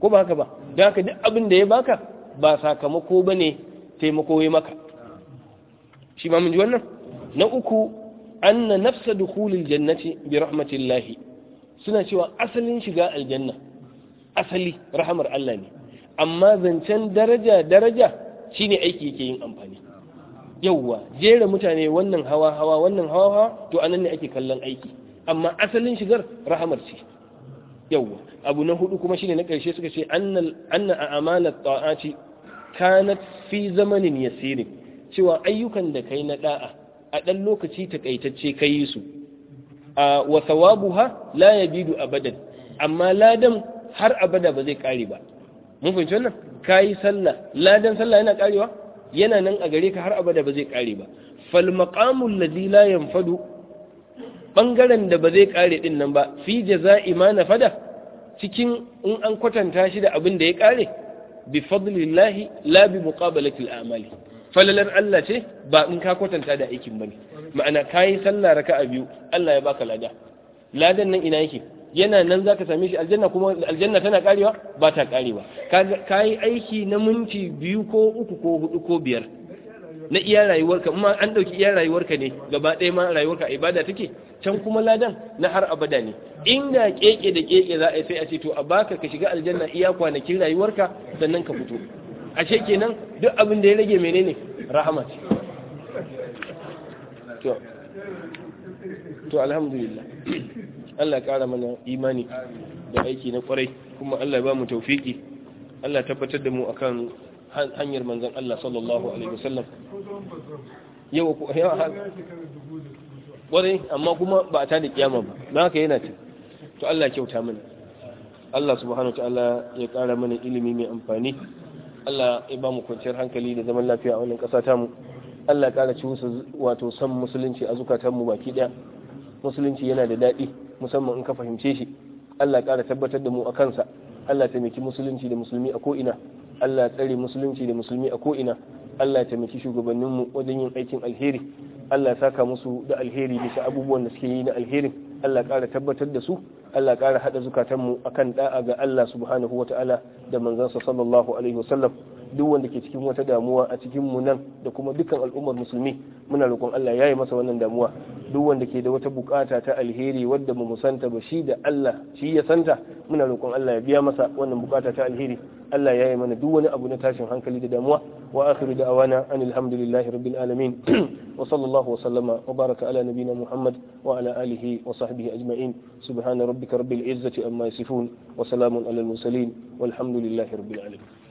[SPEAKER 1] ko ba haka ba don haka duk abin da ya baka ba sakamako ba ne taimako ya maka shi ma mun ji wannan na uku anna nafsa dukhulil jannati bi rahmatillahi suna cewa asalin shiga aljanna asali rahamar Allah ne amma zancen daraja daraja shine aiki yake yin amfani yauwa jera mutane wannan hawa hawa wannan hawa hawa to anan ne ake kallon aiki amma asalin shigar rahamar ce yauwa abu na hudu kuma shine na karshe suka ce annal anna amanat ta'ati kanat fi zamanin yasirin cewa ayyukan da kai na da'a a dan lokaci takaitacce kai su wa thawabuha la yabidu abadan amma ladan har abada ba zai kare ba mun fahimci wannan kayi sallah ladan sallah yana karewa yana nan a gare ka har abada ba zai kare ba fal maqamul ladhi la yanfadu da ba zai kare din nan ba fi jaza'i ma fada cikin in an kwatanta shi da abin da ya kare bi fadlillahi la bi muqabalatil a'mali falalar Allah ce ba in ka kwatanta da aikin bane ma'ana kai sallah raka'a biyu Allah ya baka lada ladan nan ina yake yana nan za ka same shi aljanna kuma aljanna tana karewa ba ta karewa ka yi aiki na minti biyu ko uku ko hudu ko biyar na iya rayuwarka amma an dauki iya rayuwarka ne gaba ɗaya ma rayuwarka ibada take can kuma ladan na har abada ne inda keke da keke za a yi sai a ce to a baka ka shiga aljanna iya kwanakin rayuwarka sannan ka fito ashe kenan duk abin da ya rage menene rahama ce to to alhamdulillah Allah ya kara mana imani da aiki na kwarai kuma Allah ya ba mu tawfiki Allah tabbatar da mu akan hanyar manzan Allah sallallahu alaihi wasallam yau ku kwarai amma kuma ba ta da kiyama ba don haka yana ce to Allah kyauta mana Allah subhanahu wa ta'ala ya kara mana ilimi mai amfani Allah ya ba mu kwanciyar hankali da zaman lafiya a wannan ƙasa ta mu Allah ya kara ci wato san musulunci a zukatan mu baki ɗaya. musulunci yana da daɗi musamman in ka fahimce shi Allah ya ƙara tabbatar da mu a kansa Allah ya taimaki musulunci da musulmi a ko'ina Allah ya tsare musulunci da musulmi a ko'ina Allah ya taimaki shugabanninmu wajen yin aikin alheri Allah ya saka musu da alheri bisa abubuwan da suke yi na alherin Allah ƙara tabbatar da su Allah ƙara haɗa zukatanmu akan da'a ga Allah subhanahu wa ta'ala da manzansa sallallahu alaihi wasallam duk wanda ke cikin wata damuwa a cikin mu nan da kuma dukkan al'ummar musulmi muna roƙon Allah ya masa wannan damuwa duk wanda ke da wata bukata ta alheri wadda mu santa ba shi da Allah shi ya santa muna roƙon Allah ya biya masa wannan bukata ta alheri Allah ya mana duk wani abu na tashin hankali da damuwa wa akhiru da'awana anil hamdulillahi rabbil alamin (clears throat) wa sallallahu wa sallama wa baraka ala nabina muhammad wa ala alihi wa sahbihi ajma'in subhana rabbika rabbil izzati amma yasifun wa salamun alal mursalin walhamdulillahi rabbil alamin